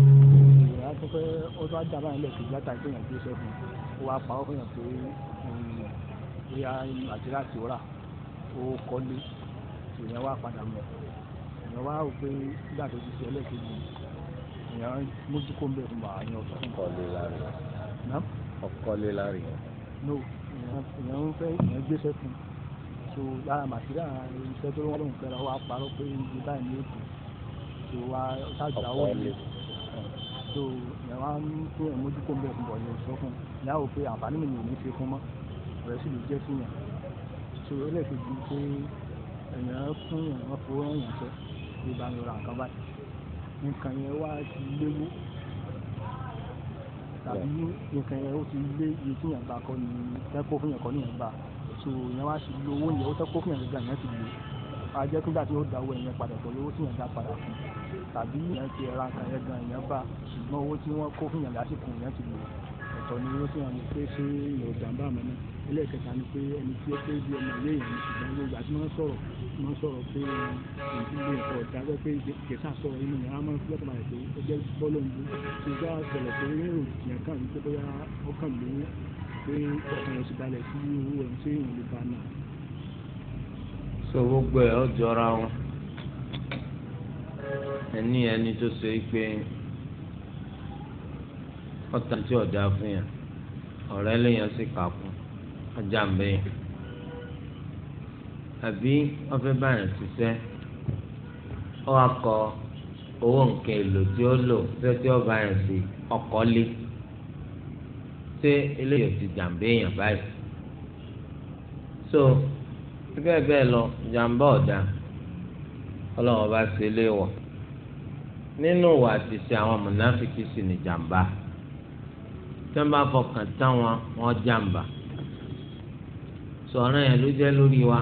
sọ pé ó tó ajá báyìí lẹ́ẹ̀kejì látàrí pé tó ṣẹ́kù ó wá pa ọ́kùnrin pé hmm, bóyá inú àjẹrà rà ó kọ́lé èèyàn wá padà mọ̀ èèyàn wá rò pé nígbà tó ti ṣe ẹlẹ́ẹ̀kejì èèyàn mójú kó ń bẹ̀ fún bàá yẹn ọ̀tọ̀. ọkọlé láàrin ọkọlé láàrin. no èèyàn ń fẹ́ èèyàn gbé sẹ́kùn so lára màtíríà iṣẹ́ tó wọ́n lòun fẹ́ra wá parọ́ pé ibi báyìí ní èkó so wá ṣáàjà ó lè so ìyẹn ń fún ẹ̀ mójú kó bọ̀ yẹn sọ fún ìyá ò pé àǹfààní mi ò ní ṣe mọ́ ọ̀rẹ́ sì lè jẹ́ sí yẹn so ẹlẹ́ẹ̀kejì pé èèyàn fún èèyàn fowó èèyàn jẹ́ bí bá ń ra nǹkan báyìí nǹkan yẹn wá ti léwó tàbí nǹkan yẹn ó ti lé iye tí yẹn gbà kọ́ ni tẹ́kọ̀ọ́ fún yẹn kọ́ ni yẹn gbà so ìyẹn wá ti lo owó yẹn ó tẹ́kọ̀ọ́ fún yẹn gbà yẹn ti lò ajẹ́ nígbà tí ó dáwọ́ ẹ̀yẹn padà pẹ̀lú owó tí yẹn dá padà fún tàbí ìyẹn ti ra nǹkan yẹn gan ìyẹn bá ṣùgbọ́n owó tí wọ́n kó fún yẹn lásìkò yẹn ti lò ọ̀tọ̀ ni owó tí wọ́n ní pé ṣé ìyẹn ò jàǹbá àmọ́ náà ẹlẹ́ẹ̀kẹta ni pé ẹni tí ó pé bí ọmọ ilé yẹn ṣùgbọ́n gbogbo àti wọ́n sọ̀rọ̀ wọ́n sọ̀rọ̀ pé ìdílé ẹ̀kọ́ pé kẹsà sọ̀rọ̀ inú yẹn á máa ń fúlẹ̀ so gbogbo ẹ̀ ọ́ jọra wọn ẹni ẹni tó ṣe pé ọ̀tá tí ọ̀dà fún yàn ọ̀rẹ́ lèèyàn sì kà kún ọjà ń bẹ́yìn àbí ọ̀fẹ́ báyìí ṣiṣẹ́ ọ akọ owó nǹkan èlò tí ó lò tẹ́tí ọba yẹn sí ọkọ̀ lé ṣé eléyìí ti jàǹbẹ́ báyìí so bẹ́ẹ̀ bẹ́ẹ̀ lọ jàǹbá ọ̀dà ọlọ́run bá ṣe léèwọ̀ nínú ìwà àti àwọn mùnáfíkì sì ní jàǹbá bá fọkàn wọn wọ́n sọ̀rọ̀ yẹn ló jẹ́ lórí wa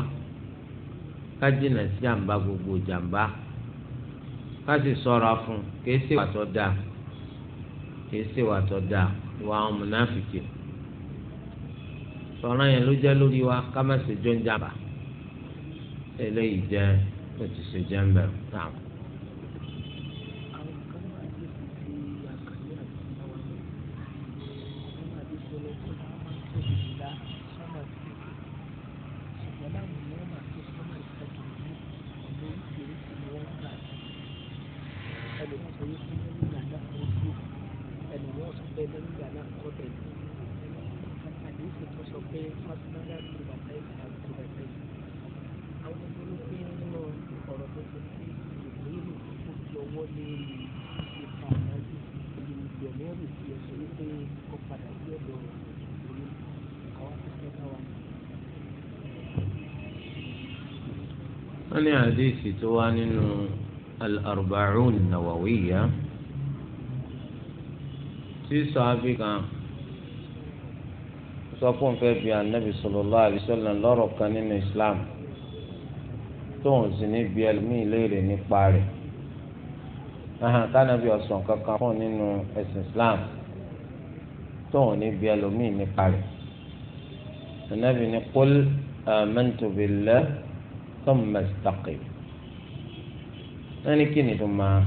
ká jìnà sí gbogbo jàǹbá ká sì sọ̀ra fún kìí ṣe wà tó dáa kìí ṣe wà tó dáa ìwà àwọn sọ̀rọ̀ yẹn ló jẹ́ lórí wa ká má jọ ń eléyìí jẹ́ òtútù jẹ́mbẹ̀ náà. pé fásitì náírà tó bàtà ìgbà tó bàtà ìgbà àwọn nítorí pé nínú ọ̀rọ̀ tó ṣe sí ìbéèrè tó fi ọwọ́ lé ìta àmọ́jú ìlúgbẹ̀mẹ́rù tí ẹ sọ wípé kó padà sí ọ̀dọ̀ ìṣòro àwọn akẹ́kọ̀ọ́ náà wà. wọ́n ní àdéhìsì tó wá nínú al-arba'un nawawiya tí sọ́ábì kan sọ fún fẹ́ bí anabi sallallahu alaihi lọ́rọ̀ kan nínú islam tóun sì ní bí ẹlòmíì léèrè nípa rẹ̀ kánàbí ọ̀sán kankan fún nínú ẹ̀sìn Islam tóun ní bí ẹlòmíì nípa rẹ̀ ànábì ní qul amantu billahi thumma istaqim wọ́n ní kí ni tó máa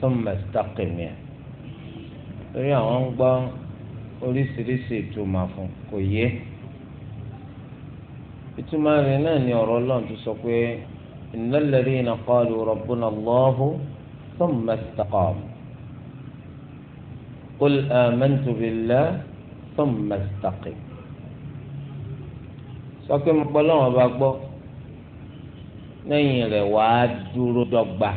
thumma istaqim yẹn torí àwọn ń gbọ́ oríṣiríṣi ìtumọ̀ fún kò yé ìtumọ̀ rẹ̀ náà ni ọ̀rọ̀ ọlọ́run tó sọ pé innal ladhina qalu rabbuna Allahu thumma istaqamu qul amantu billahi thumma istaqim sọ pé mo gbọ́ lọ́wọ́ bá gbọ́ lẹ́yìn rẹ̀ wàá dúró dọ́gba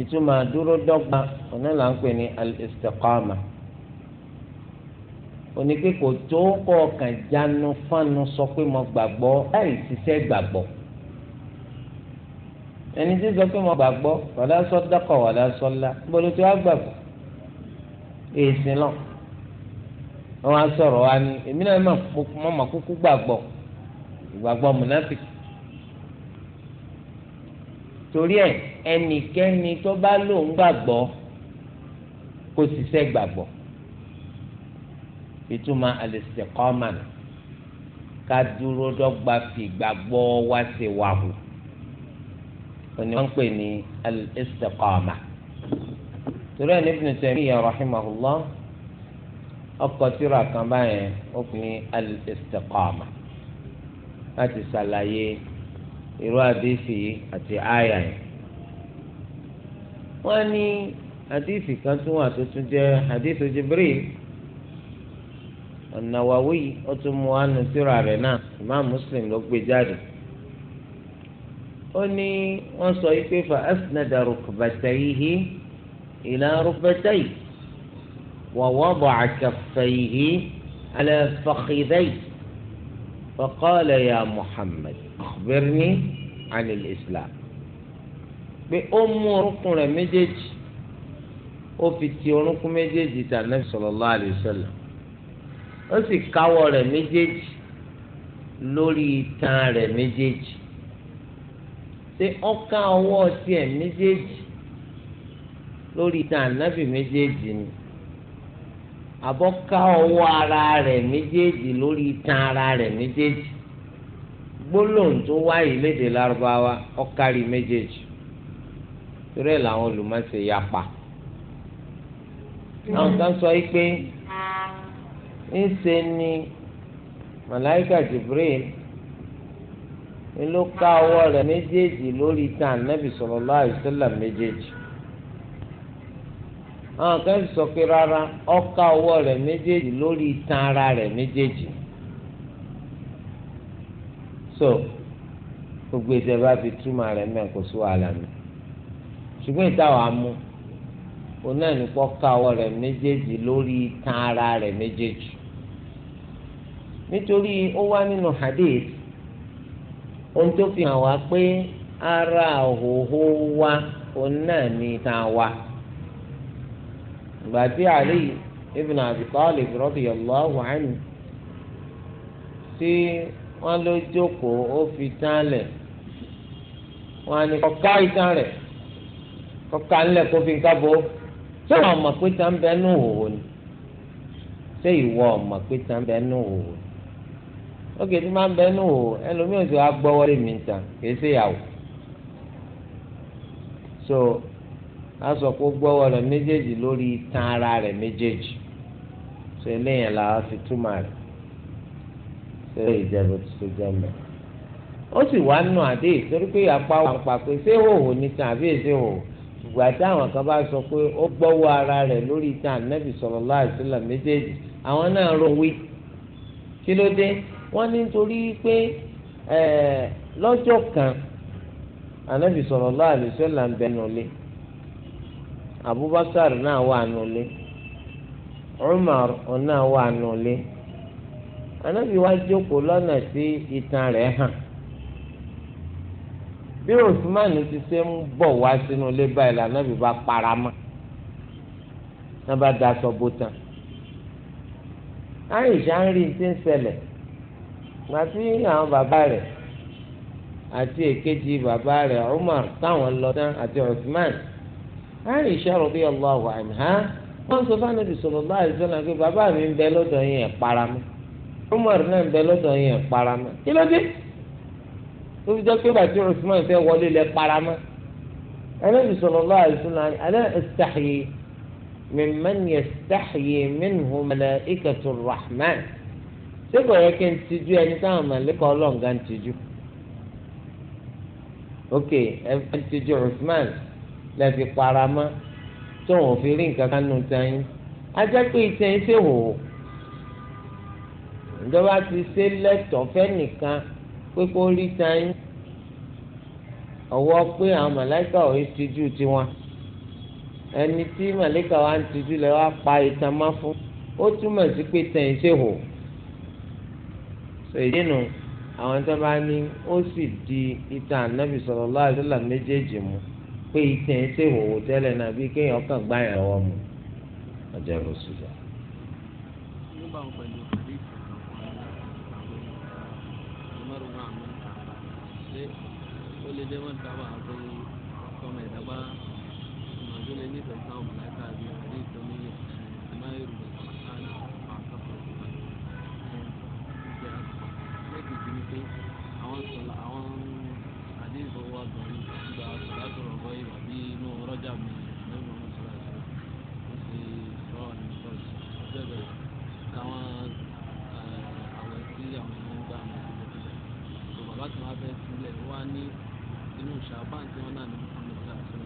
ìtumọ̀ dúró dọ́gba ọ̀nà là ń pè ní al-istiqama oníke kò tó kọ̀ọ̀kan jánu fánu sọ pé mo gbàgbọ́ láì ṣiṣẹ́ gbàgbọ́ ẹni tí sọ pé mo gbàgbọ́ wàlá sọ́dá kọ̀ wàlá sọ́lá gbọ́dọ̀ tí wàá gbàgbọ́ èsì lọ wọn á sọ̀rọ̀ wa ni èmi náà mọ̀ mọ̀ kúkú gbàgbọ́ ìgbàgbọ́ mùnáfíkì torí ẹ ẹnikẹ́ni tó bá lóun gbàgbọ́ kò ṣiṣẹ́ gbàgbọ́ ìtumọ̀ al-istiqamah ká dúró dọ́gba fìgbàgbọ́ wá sí wàhù òní wọ́n ń pè ní al-istiqamah torí ẹni Ibn Taymiyyah rahimahullah ọkọ tírà kan báyẹn ó pè ní al-istiqamah láti ṣàlàyé irú àdìsí àti àyà yẹn wọ́n ní àdìsí kan tún wà tó tún jẹ́ àdìsí Jibril ọ̀nàwáwí ó tún mú wánu síra rẹ̀ náà Imam Muslim ló gbé jáde ó ní wọ́n sọ yìí pé fa asnada rukbatayhi ila rukbatayhi wa wada'a kaffayhi ala fakhidayhi faqala ya Muhammad akhbirni anil Islam pé ó mú orúnkún rẹ̀ méjèèjì ó fi ti orúnkún méjèèjì tà Nabi sallallahu alayhi wa ó sì káwọ́ rẹ̀ méjèèjì lórí itan rẹ̀ méjèèjì ṣé ọ̀ka ọwọ́ tiẹ̀ méjèèjì lórí itan ànábì méjèèjì ni àbọ̀ká ọwọ́ ara rẹ̀ méjèèjì lórí itan ara rẹ̀ méjèèjì gbólóhùn tó wáyé lédè lárúbáwá ọ̀kárí méjèèjì torí ẹ̀ làwọn olùmọ̀ọ́sẹ̀ yapa àwọn kan sọ yìí pé ńṣe ni màláìkà Jibril ló ká ọwọ́ rẹ̀ méjèèjì lórí tàn Nábì sallallahu alaihi wasallam méjèèjì àwọn kan sọ pé rárá ó ká ọwọ́ rẹ̀ méjèèjì lórí tàn ara rẹ̀ méjèèjì so gbogbo ìjọba fi túmọ̀ rẹ̀ mẹ́rin kò sí wàhálà mi ṣùgbọ́n ìtawà mú òun náà ká ọwọ́ rẹ̀ méjèèjì lórí tàn ara rẹ̀ méjèèjì. nítorí ó wá nínú hadith ohun tó fi hàn ara òhòhò wa òun náà ní tàn wá ìgbà tí Ali ibn Abi Talib radiyallahu anhu tí wọ́n ló jókòó ó fi tán lẹ̀ wọ́n á ní kọ́ká ìtàn rẹ̀ kọ́ká ńlẹ̀ kó fi ká ni ṣé mọ̀ pé ókè tí máa ń bẹ nù o ẹlòmíràn ti wá gbọ́wọ́ lé mi tàn kìí ṣe ìyàwó so a sọ pé gbọ́wọ́ rẹ̀ méjèèjì lórí tan ara rẹ̀ méjèèjì so eléyìí la wá fi túmọ̀ rẹ̀ ṣe ìjẹ́bù tó ṣe jẹ́ mọ́ ó sì wá nù àdé torí pé apá wa ń pa pé ṣé hòhò ní tàn àbí èsè hòhò ìgbà táwọn kan bá sọ pé ó gbọ́wọ́ ara rẹ̀ lórí tan nẹ́bì sallallahu alaihi wasallam méjèèjì àwọn náà rò wí kí ló dé wọ́n ní nítorí pé lọ́jọ́ kan anabi sallallahu alaihi wasallam ń bẹ nulẹ̀ abubakar náà wà nulẹ̀ umar náà wà nulẹ̀ anabi wá jókòó lọ́nà tí ìtàn rẹ̀ hàn bí usman ti ṣe ń bọ̀ wá sínú ilé báyìí lànàbí bá parama, mọ́ náà bá daṣọ bó tán aisha ń rí ti ń ṣẹlẹ̀ gbàtí àwọn bàbá rẹ̀ àti èkejì bàbá rẹ̀ Umar táwọn lọ tán àti Uthman Aisha radiyallahu anha wọ́n sọ fáwọn ẹbí sọ̀rọ̀ bá àìsàn náà pé bàbá mi ń bẹ lọ́dọ̀ yẹn parama Umar náà ń bẹ lọ́dọ̀ yẹn parama kí ló dé tó fi jẹ́ pé bàtí Uthman fẹ́ wọlé lẹ parama ẹlẹ́bi sọ̀rọ̀ bá àìsàn náà alẹ́ ẹ̀sítàhìí mimman yastahyi minhu malaikatu rahman ṣé kò yẹ kí n tijú ẹni táwọn mọ̀lẹ́kọ̀ ọlọ́ǹgá ń tijú ok ẹ tijú Usman lẹ fi para mọ́ tó wọn fi rí nǹkan kan nù tẹ́yìn ajá pé ìtẹ́yìn ṣe wò ó ìjọba ti ṣe lẹ́tọ̀ọ́ fẹ́ nìkan pé kó rí tẹ́yìn ọwọ́ pé àwọn mọ̀lẹ́kà ò ń tijú tiwọn ẹni tí mọ̀lẹ́kà wa ń tijú lẹ wá pa ìtàn má fún ó túmọ̀ sí pé tẹ̀yìn ṣe wò ó ṣèyínú àwọn tó bá ní ó sì di ìtàn ànábì sallallahu alaihi wasallam méjèèjì mu pé ìtàn ẹ̀ ṣe wòwò tẹ́lẹ̀ náà bí kéèyàn kàn gbá yàn lọ́wọ́ mu ọjọ́ ìlú sùdà. Thank you. pé àwọn sọlá àwọn àdéhùn wa gbọ̀n gba sọlá tọrọ bọ́ ìwà bí inú rọ́jà mi lẹ́nu ọmọ sọlá ṣe ó ṣe sọ ní bọ́ọ̀sì ọjọ́ bẹ̀rẹ̀ káwọn àwẹ̀ tí àwọn ọmọ ń gbà mọ́ sílẹ̀ tó bàbá tí wọ́n fẹ́ sílẹ̀ wá ní inú ṣàbán tí wọ́n náà ní ọmọ sọlá ṣe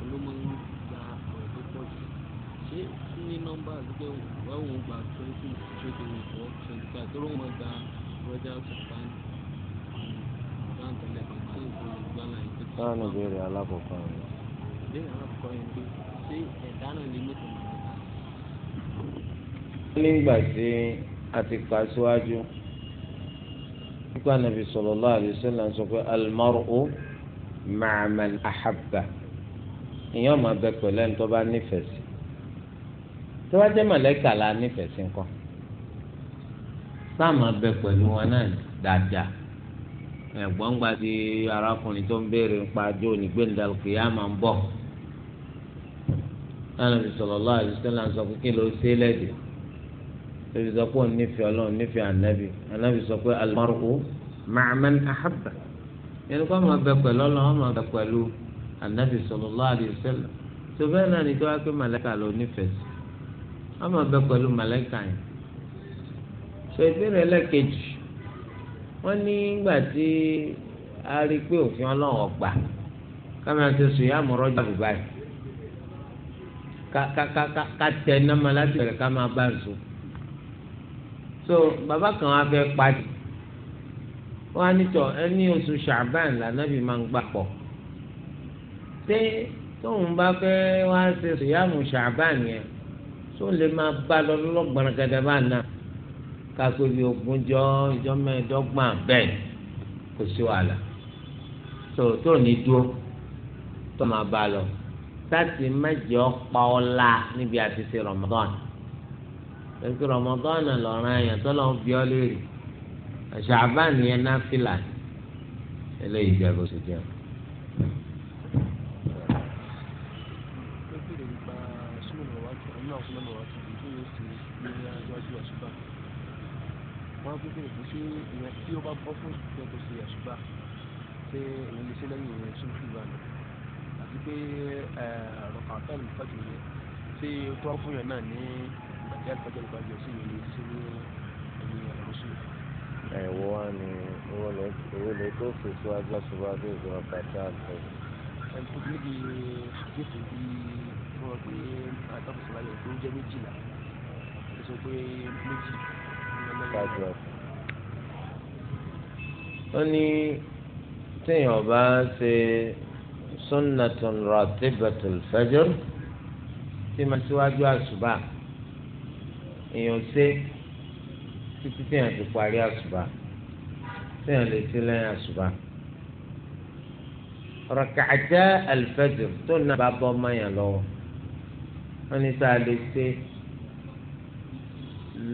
olómọ ń gba àwẹ̀ tó pọ̀ jù ṣé ní nọ́mbà àti pé wọ́n gba twenty twenty four twenty five tó ló ń gba sáà ní ìbéèrè alákọ̀ọ́kọ́ rẹ̀. ìbéèrè alákọ̀ọ́kọ́ yẹn pé ṣé ẹ̀dá náà lè mú tòun àgbà. nígbà tí a ti kà síwájú nípa nàbì sallallahu alaihi wasallam sọ pé al-mar'u ma'a man ahabba ìyẹn ọmọ abẹ pẹ̀lú ẹni tó bá nífẹ̀ẹ́ sí tó bá jẹ́ mọ̀lẹ́kà la nífẹ̀ẹ́ sí nǹkan sáàmà bẹ pẹ̀lú wọn náà dáadáa ẹ̀gbọ́n gba ti arákùnrin tó ń béèrè ń pa ajó ní gbẹ̀ndàlù kì á máa ń bọ̀ náà fi sọ̀rọ̀ lọ́wọ́ àdìsọ́lá sọ pé kí ló ṣe é lẹ́dẹ̀ lórí sọ pé òun nífẹ̀ẹ́ ọlọ́run nífẹ̀ẹ́ ànábì ànábì sọ pé alimaru ma'aman ahabba yẹnu kó máa bẹ pẹ̀lú ọlọ́run máa bẹ pẹ̀lú ànábì sọ̀rọ̀ lọ́wọ́ àdìsọ́lá tó bẹ́ẹ̀ náà ní wá pé màlẹ́kà ló nífẹ̀ẹ́ sí wọ́n máa bẹ pẹ̀lú màlẹ́kà yẹn So ìbéèrè ẹlẹ́kejì wọ́n ní ìgbà tí a rí i pé òfin ọlọ́run ọgbà kámi àti sùn yá mọ̀rọ́ jà bùbá yìí ká tẹ nọ́mọ láti bẹ̀rẹ̀ ká máa bá nsọ. so bàbá kan wá fẹ́ pàdé wọ́n á nítọ̀ ẹni oṣù ṣàbán lànàbì máa ń gbà pọ̀ ṣé tóun bá fẹ́ wá ṣe sùn yá mọ̀ ṣàbán yẹn tó lè máa bá lọ lọ́gbọ̀n gàdàbà náà kápẹ́ bíi ogúnjọ́ ìjọ mẹ́ẹ̀ẹ́dọ́gbọ̀n bẹ́ẹ̀ kò sí wàhálà tó tó ní dúró tó máa bá a lọ láti mẹ́jọ pa ọ́ la níbi àti ṣe Ramadan lẹ́sìn Ramadan lọ́ràn èèyàn tó lọ́n fi ọ́ léèrè Ṣàbáàn yẹn náà fìlà eléyìí jẹ́ bó ṣe jẹun. tó bèrè pé ṣé ìyẹn tí ó bá bọ́ fún ìfẹ́ tó ṣe àṣùgbà pé èèyàn lè ṣe lẹ́yìn ìyẹn tó fi wà lọ àti pé ọ̀rọ̀kàn àtàlù fàjì yẹn ṣé ó tọ́ fún yẹn náà ní ìgbàjẹ́ àlùfáàjì àlùfáàjì ọ̀sẹ̀ yẹn lè ṣe ní ẹ̀yìn àròsù. ẹ̀wọ́ wa ni owó lè tó fi síwájú àṣùgbà tó ìjọba pàtó àlùfáàjì. ẹni tó fi níbi àdéhùn bíi wọ́n pé àtàkùn sọ̀rọ̀ yẹn jẹ́ méjìlá ó ní téèyàn bá ṣe sunnatun ratibatul fajr tí ma síwájú àṣùbà èèyàn ṣe títí téèyàn ti parí àṣùbà téèyàn lè ṣe lẹ́yìn àṣùbà raka'ata al-fajr tó nà bá bọ́ mayàn lọ́wọ́ wọ́n ní sáà lè ṣe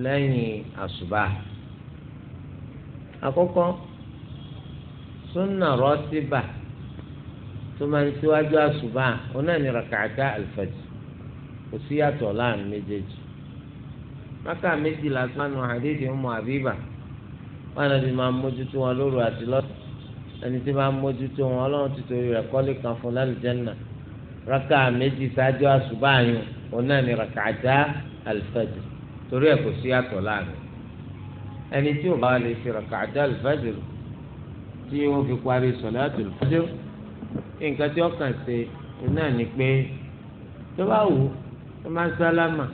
lẹ́yìn àṣùbà àkọ́kọ́ súnà rọ́tíbà tó máa ń síwájú àṣùbà ọ̀nà ní rakàtà àlùfàjì kò sí yàtọ̀ láàrin méjèèjì rákà méjì lásán nu àdéhìí ọmọ àbíbà wọn àti máa mójútó wọn lóru àti lọ́sàn ẹni tí máa mójútó wọn ọlọ́run ti torí rẹ̀ kọ́lé kan fún lálùjẹ́nà rákà méjì ṣáájú àṣùbà yẹn ọ̀nà ní rakàtà torí ẹ̀ kò sí yàtọ̀ ẹni tí ò bá lè ṣe rakàtà àlùfàjì rẹ̀ tí wọ́n fi parí sọ̀láàtì lọ́jọ́ nǹkan tí ọkàn ṣe náà ni pé tó bá wù tó bá ń sálámà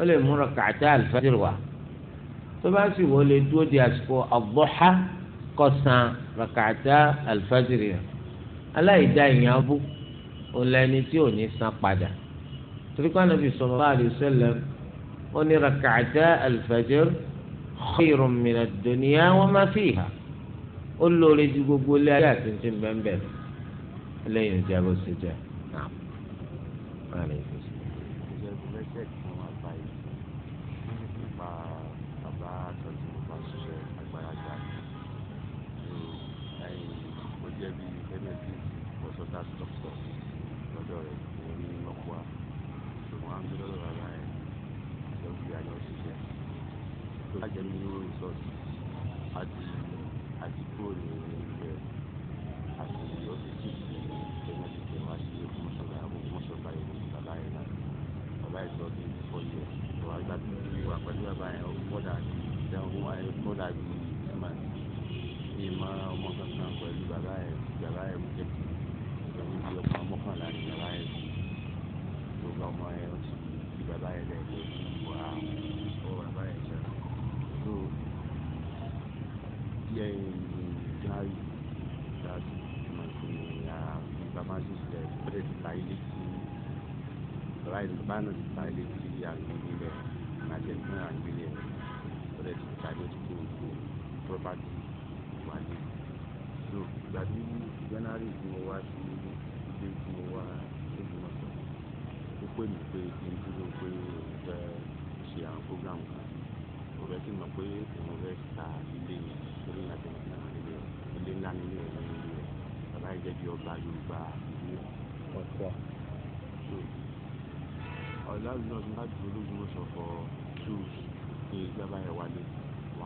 ó lè múra kàtá àlùfáàjìrì wá tó bá sì wọ́n lè dúró di àsìkò àbọ̀há kọsàn rakàtà àlùfáàjìrì rẹ̀ aláìdá ìyẹn abú tí ò ní san padà torí pé Ànábì sallallahu alaihi wasallam ní rakàtà àlùfáàjìrì khayrun min ad-dunya wa ma ó lóore ju gbogbo ilé ayé àti ti bẹ́ẹ̀ lẹ́yìn ìjà bó ṣe jẹ́ náà má lè fi sí. Thank you. diagnostic property wà ní. so ìgbà tí January tí mo wá sí ilé tí mo wá lójúmọ̀ sọ ó pè mí pé kí n dúró pé òun fẹ́ ṣe àwọn program kan òun fẹ́ sì mọ̀ pé òun fẹ́ ta ilé yẹn lórí ìlàjẹ̀ nípa ilé rẹ̀ ilé ńlá nílé rẹ̀ ní ilé rẹ̀ bàbá yìí jẹ́ ọba Yorùbá ìlú ọ̀tọ̀ so ọ̀làlùdọ̀ ti láti olójúmọ̀ sọ fọ shoes ní ìjábá yẹn wálé.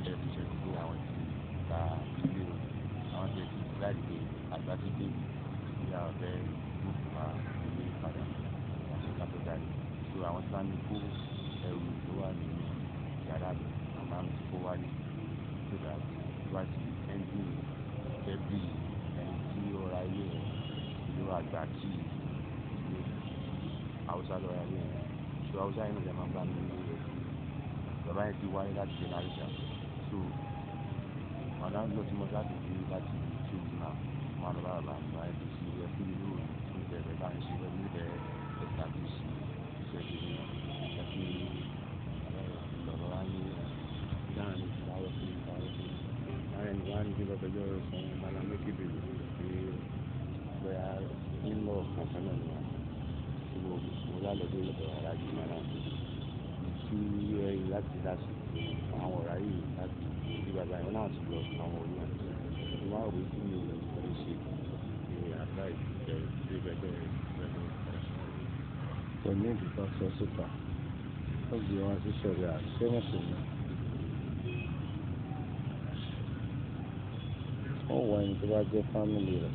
ìṣẹ̀lẹ̀ tó ṣẹlẹ̀ pé àwọn ti ta ilé o àwọn ti ti láti pé àgbà ti dé bí àwọn fẹ́ mú fa ilé padà wọn sì ká tó darí so àwọn tí wọn ní kó ẹrù tó wà ní yàrá mi àwọn máa ń kó wálé tó dà wá sí ẹ́ńdì ẹbí ẹni tí ó ra ilé ẹ̀ ìlú àgbà tí ilé haúsá lọ ra ilé ẹ̀ so haúsá yẹn ló lè máa ń bá mi ní ilé ẹ̀ bàbá yẹn ti wáyé láti ṣe láríṣà tu so màdá lọ sí mọ́sáàtì bí láti ṣe ìgbà máa lọ bára bàbá ẹbí sí ẹ fún mi lóòrùn tó bẹ̀rẹ̀ bá ń ṣe ẹ ní ẹ ẹ̀ka bí sí iṣẹ́ tó ní ẹ fi lọ́rọ̀ wá ní láàrin ìdáwọ́ sí ìdáwọ́ sí láàrin ìwà ní bí lọ́bẹ̀jọ́ ìfọ̀n mọ́lá méjìlél pé bóyá nílò kankan náà ni wà ṣùgbọ́n mo lálẹ́ dé lọ́dọ̀ aláàjì mọ́lá tí ẹ láti dá sí àwọn ọ̀rá yìí láti bí bàbá yẹn náà ti lọ àwọn orí wọn ni wọn tí mi ò lè ṣe ìwé àbá ìjẹ ìdílé bẹbẹ bẹbẹ kò ní ìdìbò sọ síta ó di wọn sí sọ̀rọ̀ àṣẹ mùsùlùmí ó wà ní tó bá jẹ fámìlì rẹ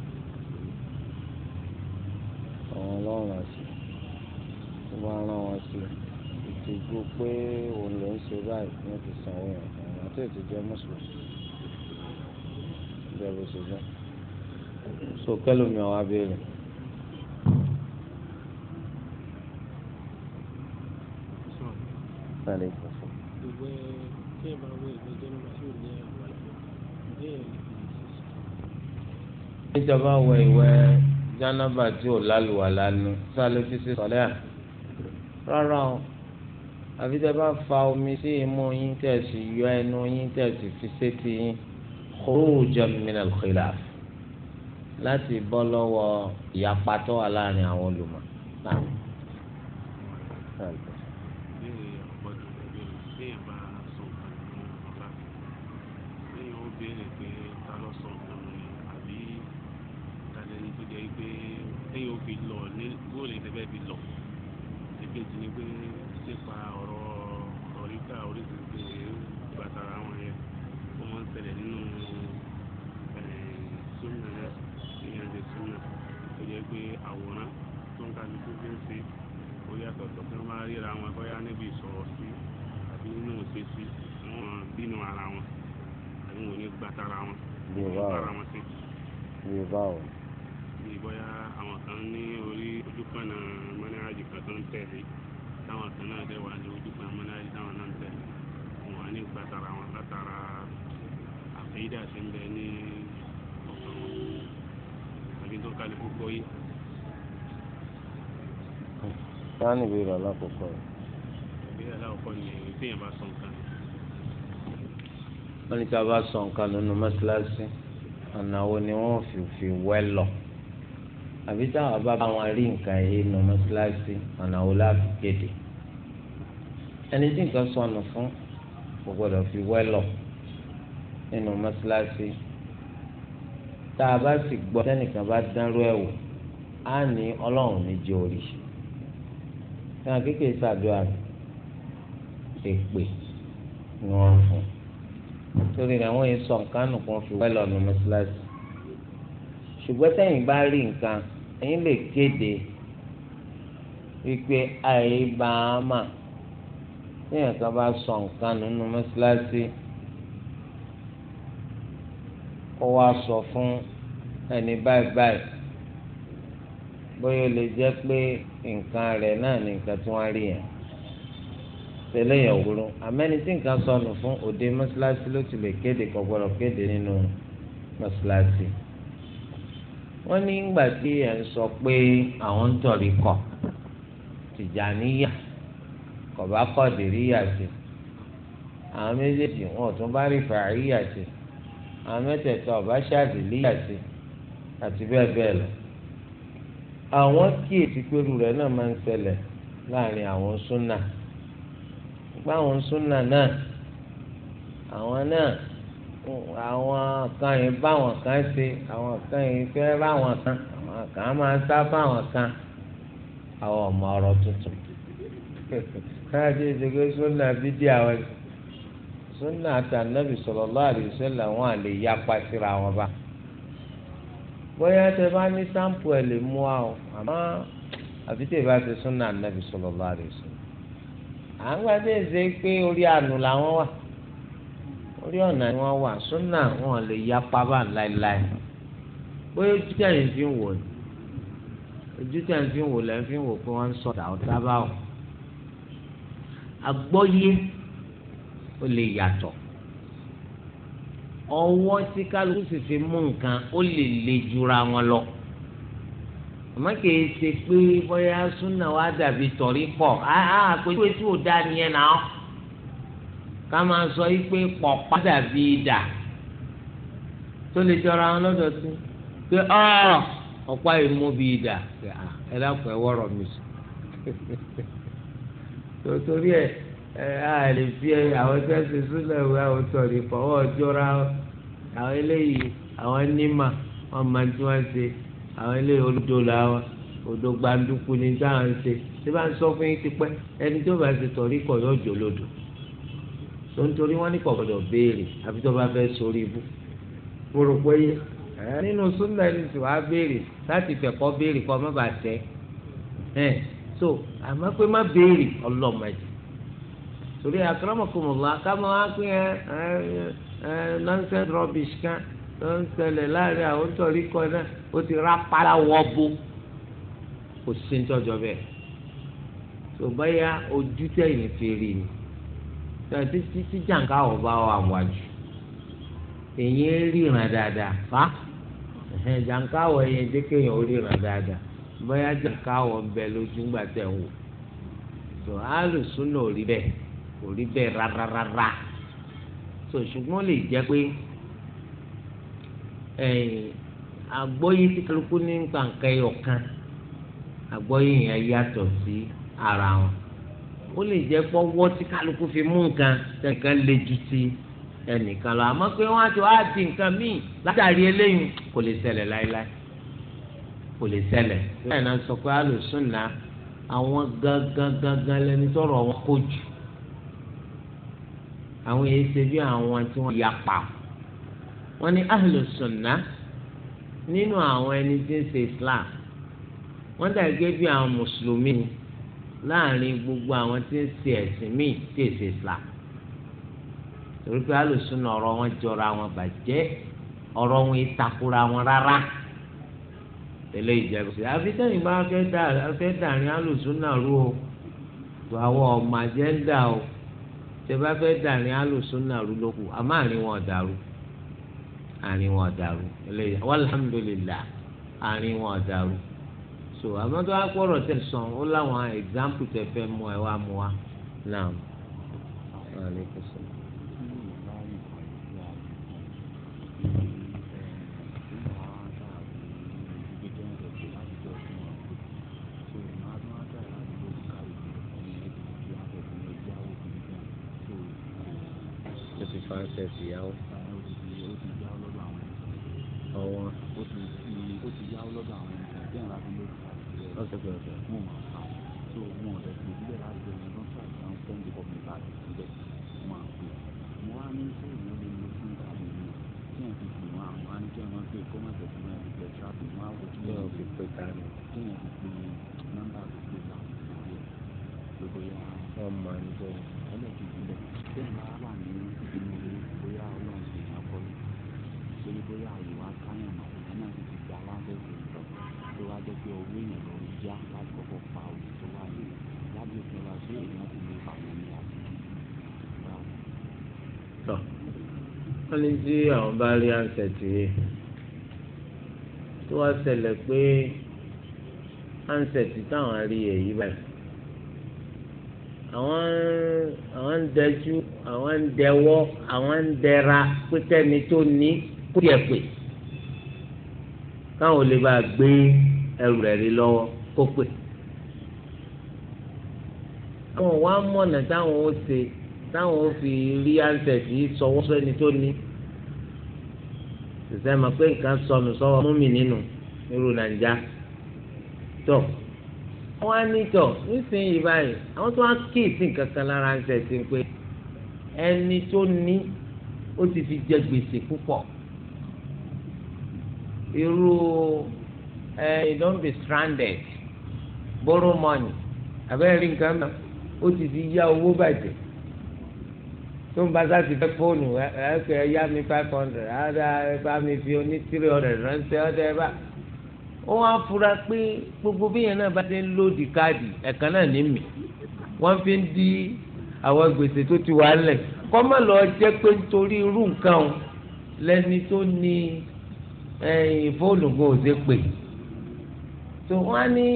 àwọn ọlọ́run àti tó bá rán wọn sílẹ̀ ìtìjú pé òun ló ń ṣe báyìí ní ti san owó yẹn fún wọn tí ètò jẹ́ mùsùlùmí bẹ́ẹ̀ bó ṣe jẹ́ so kẹ́lómi ọ̀hún abẹ́rẹ́. sáré fọfọ. ìwé tí ẹ bá wọ ìwé jẹ́nìmọ̀ tí ò ní àwọn sálẹ fi ṣe sọlẹ à rárá o àfi tẹ́ bá fa omi sí imú yín tẹ́ sì yọ ẹnu yín tẹ́ sì fi sétí yín khurujan min al-khilaf láti bọ́ lọ́wọ́ ìyapatọ́ wà láàrin àwọn olùmọ̀ náà. ara wọn sí. ní báwo. bí bóyá àwọn kan ní orí ojúkànnà mọ́náràjì kan tó ń tẹ̀lé táwọn kan náà dẹ̀ wà ní ojúkànnà mọ́náràjì táwọn náà ń tẹ̀lé wọn á ní ìgbà tara wọn látara àfẹ́yídà sí ń bẹ ní ọ̀pọ̀ wọn àbí tó kálí púpọ̀ yìí. sáà nìbí rẹ̀ alákọ̀ọ́kọ́ rẹ̀ ìbéèrè aláwọ̀kọ́ ni téèyàn bá sọ nǹkan. wọ́n ní ká bá sọ nǹkan nínú mọ́ṣáláṣí ọ̀nà wo ni wọ́n fi fi wẹ́ lọ àbí táwọn bá bá wọn rí nǹkan yìí nù mọ́síláṣí ọ̀nà wo láti kéde ẹni tí nǹkan sọnù fún kò gbọdọ̀ fi wẹ́ lọ nínú mọ́síláṣí tá a bá sì gbọ́ sẹ́nìkan bá dánrú ẹ̀ wò á ní ọlọ́run ní jẹ́ orí náà kékeré sàdúrà èpè ni wọ́n fún un torí rẹ̀ wọ́n yẹ sọ nǹkan nù kan fi wẹ́lọ̀ nù mọ́sálásí ṣùgbọ́n sẹ́yìn bá rí nǹkan ẹ̀yin lè kéde wípé àìbáàmà sẹ́yìn kan bá sọ nǹkan nínú mọ́sálásí kó wá sọ fún ẹni báyìí báyìí bóyá ó lè jẹ́ pé nǹkan rẹ̀ náà ni nǹkan tí wọ́n rí yẹn tẹ́lẹ̀ yẹn òwúrò àmẹ́ni tí nǹkan sọnù fún òde mọ́ṣáláṣí ló ti lè kéde kò gbọ́dọ̀ kéde nínú mọ́ṣáláṣí. wọ́n ní ìgbà tí ẹ̀ ń sọ pé àwọn ń tọ̀rí kọ̀ tìjàníyà kọ̀bá kọ̀dìríyà sí àwọn méjèèjì wọn ò tún bá rí fàáríyà sí àwọn mẹ́tẹ̀ẹ̀ta ọ̀bá ṣàdìlíyà sí àti bẹ́ẹ̀ bẹ́ẹ̀ lọ. àwọn kíyèsí pẹ̀lú rẹ̀ náà máa ń ṣẹlẹ̀ láàrin àwọn súnà báwọn súnà náà àwọn náà àwọn kan yìí báwọn kan ṣe àwọn kan yìí fẹ́ báwọn kan àwọn kan máa sá báwọn kan àwọn ọmọ ọ̀rọ̀ tuntun káyọ̀dé ìdíje súnà bídí àwọn súnà àtànàbì sallallahu alaihi wasallam àwọn àlè yapa síra wọn bá bóyá tẹ bá ní sáǹpù ẹ lè mú wa o àmọ́ bá ti súnà ànàbì sallallahu alaihi wasallam à ń gbà bẹ́ẹ̀ pé orí àánú làwọn wà orí ọ̀nà ni wọ́n wà súnà wọn lè ya pàbà láéláé bóyá ojú tẹ̀ ń wò ni ojú tẹ̀ ń fi wò lẹ́ ń wò pé wọ́n ń sọ ọ̀dà ọ̀tá báwò àgbọ́yé ó lè yàtọ̀ ọwọ́ tí kálukú sì fi mú nǹkan ó lè le jura wọn lọ. àmọ́ kìí ṣe pé bóyá súnà wa dàbí tọ̀rí pọ̀ tí ò dá náà ká máa sọ pé dàbí tó lè jọra wọn lọ́dọ̀ pé ọ̀pá ìmú bí ẹ dákun ẹ a lè fi àwọn tí wọ́n ṣe súnà ìwé àwọn tọ̀rí pọ̀ wọ́n jọra àwọn eléyìí àwọn nímà máa àwọn ilé olùdó làwọn odò gbanduku ni táwọn ṣe tí bá ń sọ fún yín tipẹ́ ẹni tó bá ti tọrí kọ yóò jò lódò tó ń torí wọn ní kọ̀kọ̀dọ̀ béèrè àfi tó bá fẹ́ sórí ibú mo rò pé nínú súnà ẹni tí wàá béèrè láti fẹ̀kọ́ béèrè kọ́ má bàa tẹ́ ẹ̀ so àmọ́ pé má béèrè ọlọ́mọdé torí àkàràmọ̀kùnmọ̀lá ká máa pín ẹ ẹ nonsense rubbish kan ló ń ṣẹlẹ̀ láàrin àwọn tọ̀rí kan náà ó ti rápálá wọ́bù kò sí nítọ́jọ́ bẹ́ẹ̀ tó báyà ojú tẹ̀yìn fi rí ni tẹ̀sí títí jàǹká ò bá wà wájú èyí ríran dáadáa fa jàǹká ò yẹn jẹ́ kéèyàn ó ríran dáadáa báyà jàǹká ò ń bẹ lójú ńgbà tẹ̀ wò tó alùsùn náà ò rí bẹ́ẹ̀ kò rí bẹ́ẹ̀ rárá tó ṣùgbọ́n lè jẹ́ pé àgbọ́yé tí kálukú ní nǹkan ẹyọkan àgbọ́yé yẹn yàtọ̀ sí ara wọn ó lè jẹ́ pọ́wọ́ tí kálukú fi mú nǹkan tẹ̀kan lè ju ti ẹnìkan lọ àmọ́ pé wọ́n á ti wá di nǹkan míì látàrí eléyìí kò lè ṣẹlẹ̀ láéláé kò lè ṣẹlẹ̀ bẹ́ẹ̀ náà sọ pé alùsùnà àwọn gangan gangan lẹni sọ̀rọ̀ wọn kò jù àwọn èyí ṣe bí àwọn tí wọ́n yapa wọ́n ní ahlùsùnà nínú àwọn ẹni tí ń ṣe islam wọ́n dà gẹ́gẹ́ bí àwọn mùsùlùmí láàrin gbogbo àwọn tí ń ṣe ẹ̀sìn míì tí ń ṣe islam torí pé ahlùsùnà ọ̀rọ̀ wọn jọra wọn bàjẹ́ ọ̀rọ̀ wọn ìtakùrà wọn rárá tẹ̀lé ìjẹ́bù sí àfitẹ́yìn bá fẹ́ dàrin ahlùsùnà rú o tó àwọn ọmọ àjẹ́ńdà o tẹ bá fẹ́ dàrin ahlùsùnà rú lókù àmọ́ àárín wọn dàrú àárín wọn dàrú eléyìí alhamdulillah àárín wọn dàrú so àmọ́ tó wá pọ̀rọ̀ tẹ̀ sàn ó láwọn ẹ̀gbáǹpù tẹ fẹ́ mú ẹ wá mú wa náà. Fifty-five, fifty, yeah wọn. ó ti ó ti yá lọ́dọ̀ àwọn ènìyàn bí àwọn abúlé òkú àti ọ̀sẹ̀ ọ̀sẹ̀ mú wọn fà wọn. tó mú ọ̀rẹ́ tó ìdílé láti ọ̀rẹ́ lọ́n fà sí àwọn fẹ́ǹdì gọ́ọ̀mù láti ìdílé wọn àpè. mo wá ní ṣé ìyẹn lè lo fún káàdì mi kí ẹ̀ fi pè bóyá ìwà káyàn náà ìyẹn náà sì ti gba lábẹ́wò lọ tó wá jẹ́ pé owó èèyàn lọ yá láti kọ́kọ́ pa òye tó wá lè lábẹ́ òfin wa ṣé èèyàn ti lè pàmò ní àbíkí. tọ́ wọ́n ní tí àwọn bá rí ansẹ̀tì yìí tó wá ṣẹlẹ̀ pé ansẹ̀tì táwọn rí èyí báyìí àwọn àwọn ń dẹjú àwọn ń dẹwọ́ àwọn ń dẹra pé kẹ́ni tó ní kú díẹ̀ pé káwọn ò lè bá gbé ẹrù rẹ̀ rí lọ́wọ́ kó pè. àwọn wa mọ̀nà táwọn ó ṣe táwọn ó fi rí ansẹ̀t yìí sọwọ́ sẹ́ni tó ní. ṣùgbọ́n ma pé nǹkan sọnù sọ́wọ́ mú mi nínú irú nàìjà tó wọ́n á ní tọ̀ nísìnyí báyìí àwọn tó wá kíyèsí nǹkan kan lára ansẹ̀t pé ẹni tó ní ó ti fi jẹ gbèsè púpọ̀ irú ẹ don't be stranded borrow money abẹ́rẹ́ nǹkan náà ó ti ti yá owó bàjẹ́ tó ń bá sáàtì fẹ́ fóònù ẹ yá mi five hundred ọ̀dà ẹ bá mi fi oní three hundred ránṣẹ́ ọ̀dà ẹ bá wọ́n á fura pé gbogbo bí yẹn náà bá dé lóòdì káàdì ẹ̀kan náà ní mi wọ́n fi ń di àwọn gbèsè tó ti wà lẹ̀ kọ́ mọ̀ lọ jẹ́ pé nítorí irú nǹkan lẹ́ni tó ní fóònù gan ò ṣe pè tó wọn á ní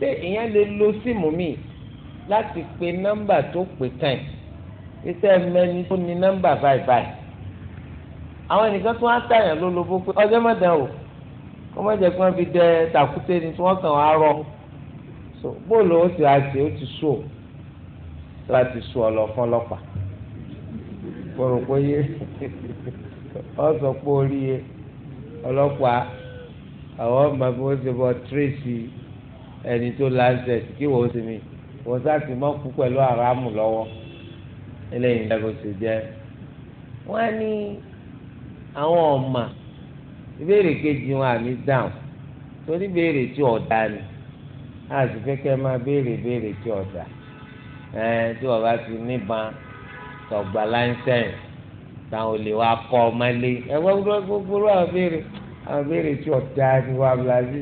pé èèyàn lè lo síìmù mi láti pe nọ́mbà tó pè kàn iṣẹ́ mẹ́ni tó ní nọ́mbà báyìí báyìí àwọn ènìkan tó wá sàyàn ló lobó pé ọjọ́ mọ̀dá o kọ́mọ́jẹ́ kí wọ́n fi dẹ tàkúté ni tí wọ́n kàn wá rọ bóòlù ó ti àṣẹ ó ti sùn ó láti sùn ọlọ́fọ́n lọ́pàá kọ̀rọ̀ pé yé ọ sọ pé orí yẹ ọlọ́pàá àwọn ọmọ bí wọ́n ṣe bọ́ tírèsì ẹni tó láǹṣẹ̀ kí wọ́n ṣe mí wọ́n sáàtì mọ́ kú pẹ̀lú àràmù lọ́wọ́ eléyìí lẹ́gbẹ̀ẹ́ ṣe jẹ́ wọ́n ní àwọn ọ̀mà ìbéèrè kejì wọn àmì dáhùn torí béèrè tí ọ̀dà ni a sì fẹ́ kẹ́ máa béèrè béèrè tí ọ̀dà ẹ̀ tí wọ́n bá ti níbọn tọ̀gbà láńsẹ̀yìn táwọn olè wa kọ́ ọmọlé ẹ̀wọ́n gbogbo àwọn béèrè àwọn béèrè tí ọ̀tá ni wà blázi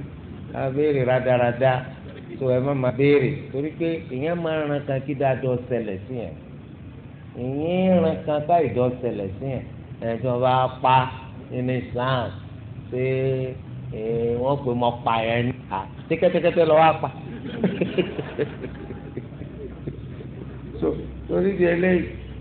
àwọn béèrè rádaràda tó ẹ má máa béèrè torí pé ìyẹn máa ràn kan kí dáadọ́ ṣẹlẹ̀ sí yẹn ìyẹn ràn kan ká ìdọ́ ṣẹlẹ̀ sí yẹn ẹni tí wọ́n bá pa nínú Islam ṣé wọ́n pè mọ́ pa yẹn ní à tẹ́kẹ́tẹ́kẹ́tẹ́ lọ́wọ́ apá torí di eléyìí.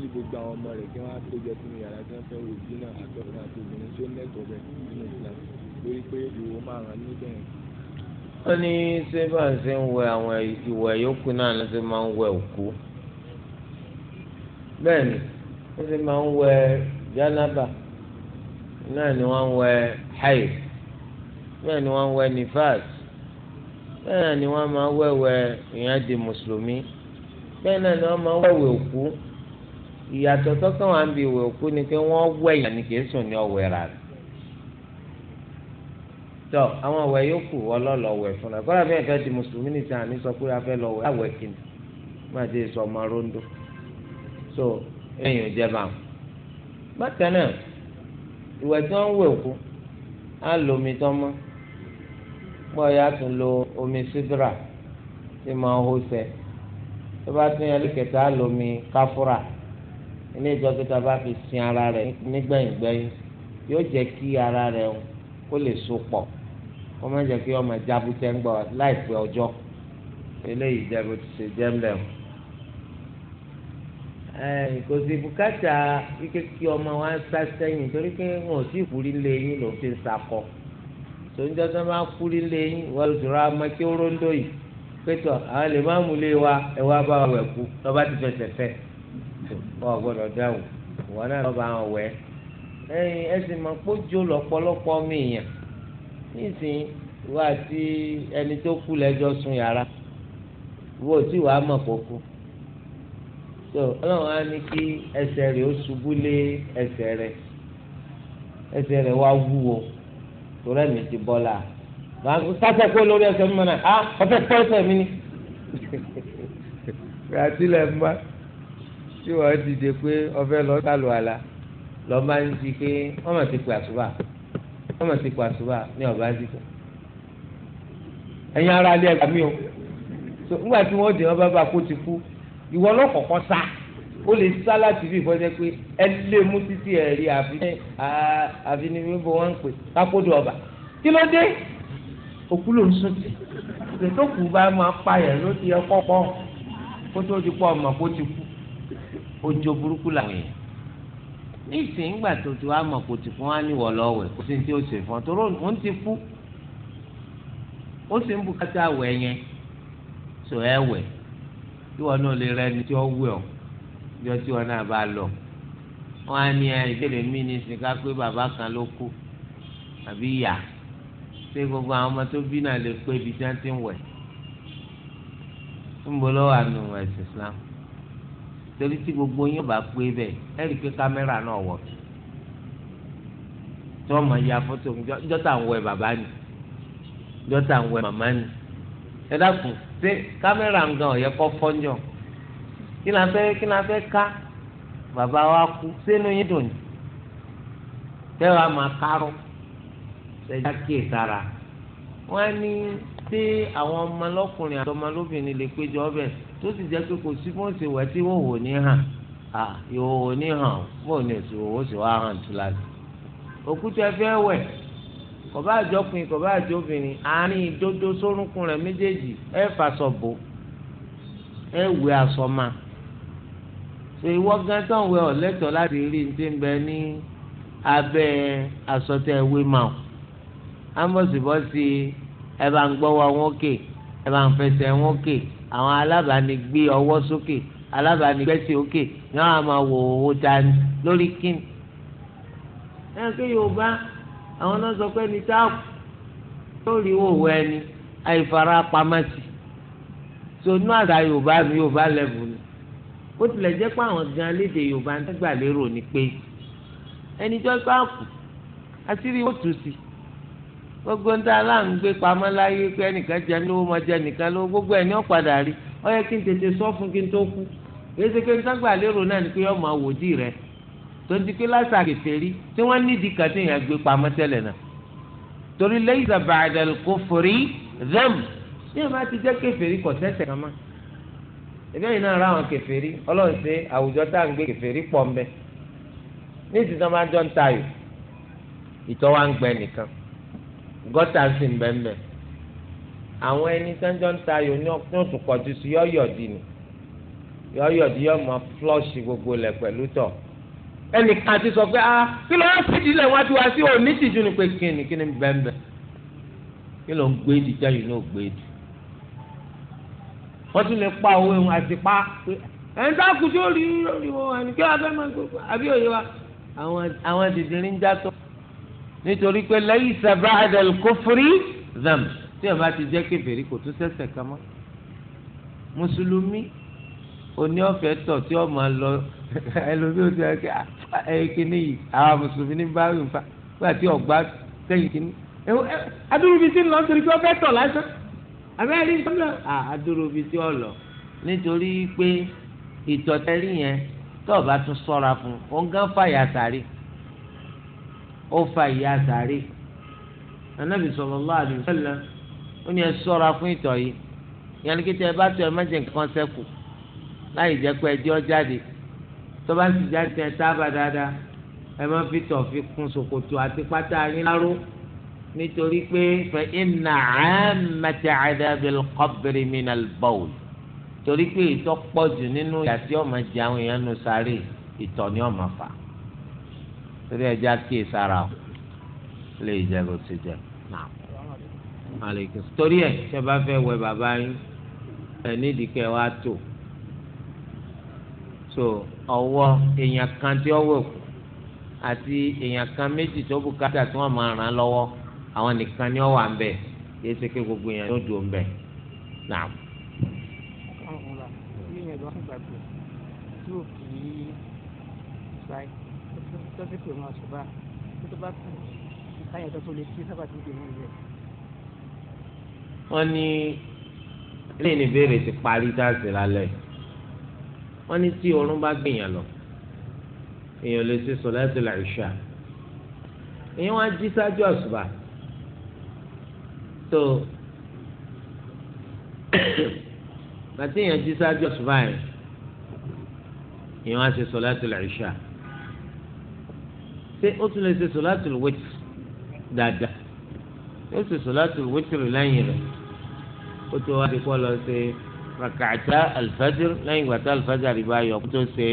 kí gbogbo àwọn ọmọ rẹ̀ kí wọ́n á péjọ sínú yàrá tí wọ́n fẹ́ wò bí náà àtọkùnrin àti obìnrin tí ó lẹ́tọ̀ọ́ bẹ̀ nínú Islam lórí pé ìwò máa ràn níbẹ̀ yẹn. wọ́n ní ṣé bá ń ṣe ń wẹ àwọn ìwẹ̀ yòókù náà ló ṣe máa ń wẹ òkú bẹ́ẹ̀ ni wọ́n ṣe máa ń wẹ jánábà náà ni wọ́n ń wẹ haid bẹ́ẹ̀ ni wọ́n ń wẹ nifas bẹ́ẹ̀ ni wọ́n máa wẹ̀wẹ̀ ìyẹn ìyàtọ̀ tọ́kàn wà ń bi ìwé òkú ni pé wọ́n wẹ̀yàn ni kìí sùn ní ọ̀wẹ́ rà rẹ̀ tọ́ àwọn ọ̀wẹ́ yòókù ọlọ́lọ́wẹ́ fúnra kọ́lá fẹ́ẹ́ fẹ́ di mùsùlùmí nìkan àní sọ pé afẹ́ lọ́wẹ́ àwẹ̀ kìnnì má ti sọ ọmọ rondo so ẹ̀yìn ò jẹ́ bá wọn. bákan náà ìwẹ̀ tí wọ́n ń wẹ̀ òkú á lo omi tán mọ́ bọ́ọ̀yà tún lo omi sídra tí máa ń hó sẹ́ tó bá tún yẹ ilé ìjọsìn tó a bá fi sin ara rẹ̀ nígbẹ̀yìngbẹ̀yìn yóò jẹ́ kí ara rẹ̀ kó lè so pọ̀ kó má jẹ́ kí ọmọ jábútẹ́ ń gbọ́ láìpẹ́ ọjọ́ eléyìí jẹ́ bó ti ṣe jẹ́ ńlẹ̀ o. kò sí bùkátà kíkẹ́ kí ọmọ wa ń sá sẹ́yìn torí pé wọn ò sí ìkúrí lé yín ló fi ń sakọ tòunjọ́ tó máa kúrí lé yín wọ́n lè sọ̀rọ̀ àmọ́ kí ó róńdó yìí pé tọ́ àwọn lè má mú wa ẹ̀ wá bá wa wẹ̀ kú lọ́ba ti fẹsẹ̀ fẹ́ wọn gbọ́dọ̀ dáhùn wọn náà lọ́ba àwọn wẹ̀ ẹ̀yin ẹ̀sìn máa kójó lọ́pọ̀lọpọ̀ mìíyàn nísìnyí wọ́n àti ẹni tó kú lẹ́jọ́ sun yàrá wọ́n ò tí wàá mọ̀ kó kú so ọlọ́run á ní kí ẹsẹ̀ rẹ̀ ó ṣubú lé ẹsẹ̀ rẹ̀ ẹsẹ̀ rẹ̀ wá wúwo torí ẹ̀mí ti bọ́ la màá sáfẹ́ kó lórí ẹsẹ̀ mi mọ̀ náà á ah, ọ̀fẹ́ pẹ́ ẹsẹ̀ mi ni tí wọ́n dìde pé ọ̀fẹ́ lọ sálù àlà lọ́ọ́ máa ń di pé wọ́n máa ti pè àṣùbà wọ́n máa ti pè àṣùbà ní ọ̀bá dìde. ẹ̀yin ara ilé ẹ̀gbà mi o nígbà tí wọ́n dì wọ́n bá bá kó ti kú ìwọ lọ́kọ̀ọ́kọ́ sá ó lè sá láti bí ìfọ́jẹ́ pé ẹ lé mú títí ẹ̀ rí àfinibíbo wọn ń pè kápódò ọba kí ló dé òkú ló ń sùn tì lè tó bá máa payẹ̀ ló ti ẹ kọ́kọ́ kó tó ti pọ̀ ọmọ kó ti kú ọjọ́ burúkú làwọn èèyàn nísìnyí gbà tó ti wá mọ̀ kò tí fún wa ní wọ̀lọ́wẹ̀ kò sí ti ó ṣe fún ọ tó ń ti kú ó sì ń bùkátà wẹ̀ yẹn sọ ẹ wẹ̀ tí wọn náà lè rẹ ẹni tí ó wẹ̀ ọ́ yọ tí wọn náà bá lọ wọn á ní ìbéèrè mí ní sìnká pé bàbá kan ló kú àbí ìyá ṣé gbogbo àwọn ọmọ tó bí náà lè pé ibi tí wọn ti ń wẹ̀ ń bọ́ lọ́wọ́ àánú ẹ̀sìn Islam torí tí gbogbo yín bá pé bẹ́ẹ̀ ẹ rí i pé kámẹ́rà náà wọ̀ tí wọ́n máa ya fọ́tò ńjọ́ tá à ń wẹ bàbá ni ńjọ́ tá à ń wẹ màmá ni ẹ dákun ṣé kámẹ́rà ń gan ọ̀yẹ́ kọ́ fọ́njọ́ kí la fẹ́ kí la fẹ́ ká bàbá wa kú sínú yín dùn ní tẹ́ wàá máa kárọ́ ṣẹ́jà kíyè sára wọ́n á ní ṣé àwọn ọmọ lọ́kùnrin àti ọmọ lóbìnrin lè péjọ ọbẹ̀ sí tó sì jẹ́ pé kò sí fún ìṣèwẹ́ tí wọ́n wò ní hàn à ìhòòhò ní hàn fóònù ní ìṣòwò sì wá hàn tó láti. òkúta ẹfẹ́ wẹ̀ kò bá àjọkùnrin àjọbìnrin àárín ìdodo sórúnkún rẹ̀ méjèèjì ẹ fàṣọ bò ẹ wẹ aṣọ ma ṣe ìwọ gan tán wẹ ọ̀lẹ́tọ̀ láti rí ní ti ń bẹ ní abẹ́ aṣọ tẹ wé ma o amọ̀sibọ́sí bá ń gbọ́wọ́ wọn òkè ẹ bá ń fẹsẹ̀ wọn òkè àwọn alábàánigbé ọwọ́ sókè alábàánigbẹ́sẹ̀ òkè ni wọ́n á máa wò owó dání lórí kíni. ẹ kí yorùbá àwọn náà sọ pé ní táàkù lórí òwò ẹni àìfara pamẹ́sì sonú àdá yorùbá mi yorùbá lẹ́bù ni ó tilẹ̀ jẹ́ pé àwọn gan léde yorùbá ń gbà lérò ni pé ẹni tó bá kù àṣírí ó sí i. gbogbo ń ta aláǹgbé pamọ́ láyé pé ẹnìkan jẹ ní owó máa jẹ nìkan gbogbo ẹ̀ ní ọ̀padà rí ó yẹ kí n tètè sọ fún kí n tó kú èsì pé lérò di tí wọ́n gbé pamọ́ tẹ́lẹ̀ náà torí lẹ́yìn àdàlù kò ti jẹ́ sẹ́sẹ̀ náà ráwọn ọlọ́run ṣe àwùjọ tá à ń gbé pọ̀ ní ìsìn tó máa gọ́tà sì ń bẹ́ẹ̀ àwọn ẹni sẹ́ńjọ́ ń tayò ní ọ̀tún kọjú sí yọ̀yọ̀dì ni yọ̀yọ̀dì yọ̀ mọ́ flọ́ọ̀ṣì gbogbo lẹ̀ pẹ̀lú tọ̀ ẹnìkan ti sọ pé ah kí ló ń fìdí lẹ̀ wá ti wá sí òní tìjú ni pé kíni kíni bẹ́ẹ̀ kí ló ń gbé di jẹ́yìn náà gbé di wọ́n tún lè pa owó ẹ̀hún àti pa pé ẹni tá a kù tó rí rí wọn ẹni kí wọ́n fẹ́ máa gbogbo àbí òye wa àwọn dìdìrín já tó nítorí pé laysa ba'da al-kufri dhanb tí ẹ bá ti jẹ́ kèfèrí kò tún ṣẹ̀ṣẹ̀ kan mọ́ mùsùlùmí oní ọ̀fẹ́ tọ̀ tí ọ máa lọ ẹlòmíì ó ti rẹ ah, ẹ kíní yìí àwọn mùsùlùmí ní bá rìn fa gbà tí ọgbà sẹ́yìn kíní adúrúbi tí ń lọ nítorí pé ọfẹ́ tọ̀ lásán abẹ́rẹ́ ń adúrúbi tí ọ nítorí pé ìtọ̀tẹ́rì yẹn tọ́ọ̀ bá tún sọ́ra fún ọ̀ngán fàyà sáré ó fa ìyà sàárè anabi sallallahu alaihi wasallam ó ní ẹ ṣọ́ra fún ìtọ̀ yìí ìyẹn ní kíkẹ́ ẹ bá tọ̀ ẹ má jẹ nǹkan sẹ́kù láì jẹ́ pé ẹjọ́ jáde tó bá sì jáde ẹ tábà dáadáa ẹ má fi tọ̀ fi kùn ṣòkòtò àti pátá yín láró nítorí pé fa inna ammata adhabil qabri minal bawl torí pé ìtọ̀ pọ̀jù nínú ìyà tí jẹ àwọn èèyàn nù sáré ìtọ̀ ni ó fà á torí ẹja kíyè sára o lè jẹ ló ti jẹ náà maaleykum torí ẹ ṣe bá fẹ́ wẹ bàbá yín ẹ nídìí kẹ wá tó so ọwọ́ èèyàn kan tí ọwọ́ kù àti èèyàn kan méjì tó bùkátà tí wọ́n máa ràn lọ́wọ́ àwọn nìkan ni ọwọ́ à ń bẹ̀ yé ṣe pé gbogbo èèyàn ló dùn ń bẹ̀ náà. Right tó ti pè wọn àṣùbà tó tó bá kú káyọ̀ tó tó lè kí sábà tó dé wọn lẹ̀. wọ́n ní ilé ìbéèrè ti parí dáàsì lálẹ́ wọ́n ní tí oorun bá gbìyàn lọ èèyàn lè ṣe sọ̀láṣẹ̀ làìṣà èèyàn wá jí ṣáájú àṣùbà tó gbàtí èèyàn jí ṣáájú àṣùbà yẹn èèyàn wá ṣe sọ̀láṣẹ̀ làìṣà ṣé ó tún lè ṣe solatul witr dáadáa yóò ṣe solatul witr lẹ́yìn rẹ̀ ó tó wá di kọ́ lọ ṣe rakata alfajr lẹ́yìn gbàtà alfajr àríwá yọ kó tó ṣe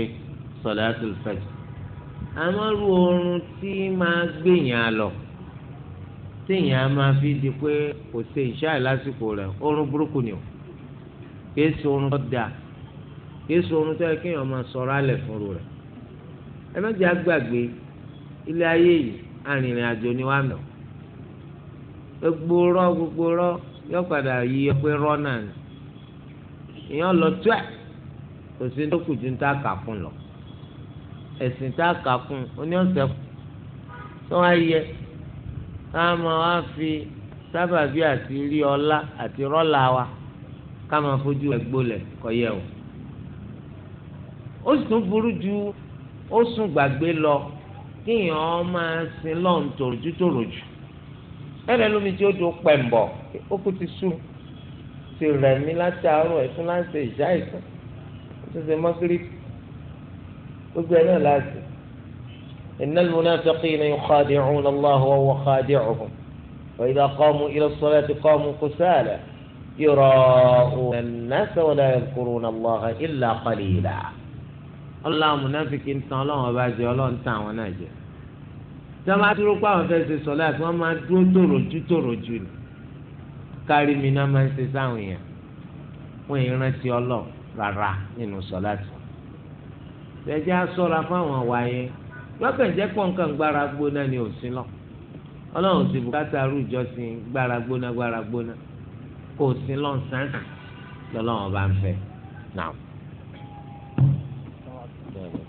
solatul fajr. àmọ́rú oorun tí máa gbèyàn lọ téèyàn máa fi di pé kò ṣe ìṣáì lásìkò rẹ̀ oorun burúkú ni o kìí ṣe oorun tó dáa kìí ṣe oorun tó yẹ kéèyàn máa sọ̀rọ̀ alẹ̀ fúnru rẹ̀ ẹ má jẹ́ àgbàgbé ilé ayé yìí arìnrìn àjò ni wàá gbogbo rọ gbogbo rọ yọ padà yí rọ náà ni lọ tó ẹ kò sí tó kù ju tá ta kà fún lọ ẹ̀sìn tá kà fún oní tó wá yẹ ká wá fi sábàbí àti rí ọlá àti rọ́là wa ká máa fojú rẹ̀ yẹ o ó sì tún burú ju ó sùn gbàgbé lọ kéèyàn máa sin lọ́n tòròjú tòròjú ẹ̀rẹ́ lómi tí ó do pẹ̀mbọ̀ ó kú ti sùn ti rẹ̀ mí láti àárọ̀ ẹ̀fún láti ìjà ìtàn ó ti mọ́kiri gbogbo ẹ̀ náà láti. ọ̀hún ẹ̀ ohun إن المنافقين يخادعون الله وهو خادعهم وإذا قاموا إلى الصلاة قاموا كسالى يراءون الناس ولا يذكرون الله إلا قليلا ọlọ́run amúnáfíkì ń tan ọlọ́run ọba jẹ ọlọ́run tan àwọn náà jẹ tí wọ́n bá dúró pé àwọn fẹ́ẹ́ ṣe sọ̀lá àti wọ́n máa dúró tòròjú tòròjú ni kárí mi náà máa ń ṣe sáwọn èèyàn wọ́n èèyàn rántí ọlọ́run rárá nínú sọ̀lá tí wọ́n. ṣẹ̀jẹ̀ á sọ́ra fáwọn ọ̀wá yẹn lọ́kàn jẹ́ gbára gbóná ni òsín lọ ọlọ́run sì bùkátà rújọ sí gbára gbóná gbára gbóná kò sí lọ́nsánsì lọ́lọ́run ọba ń fẹ́ náà. pandemic.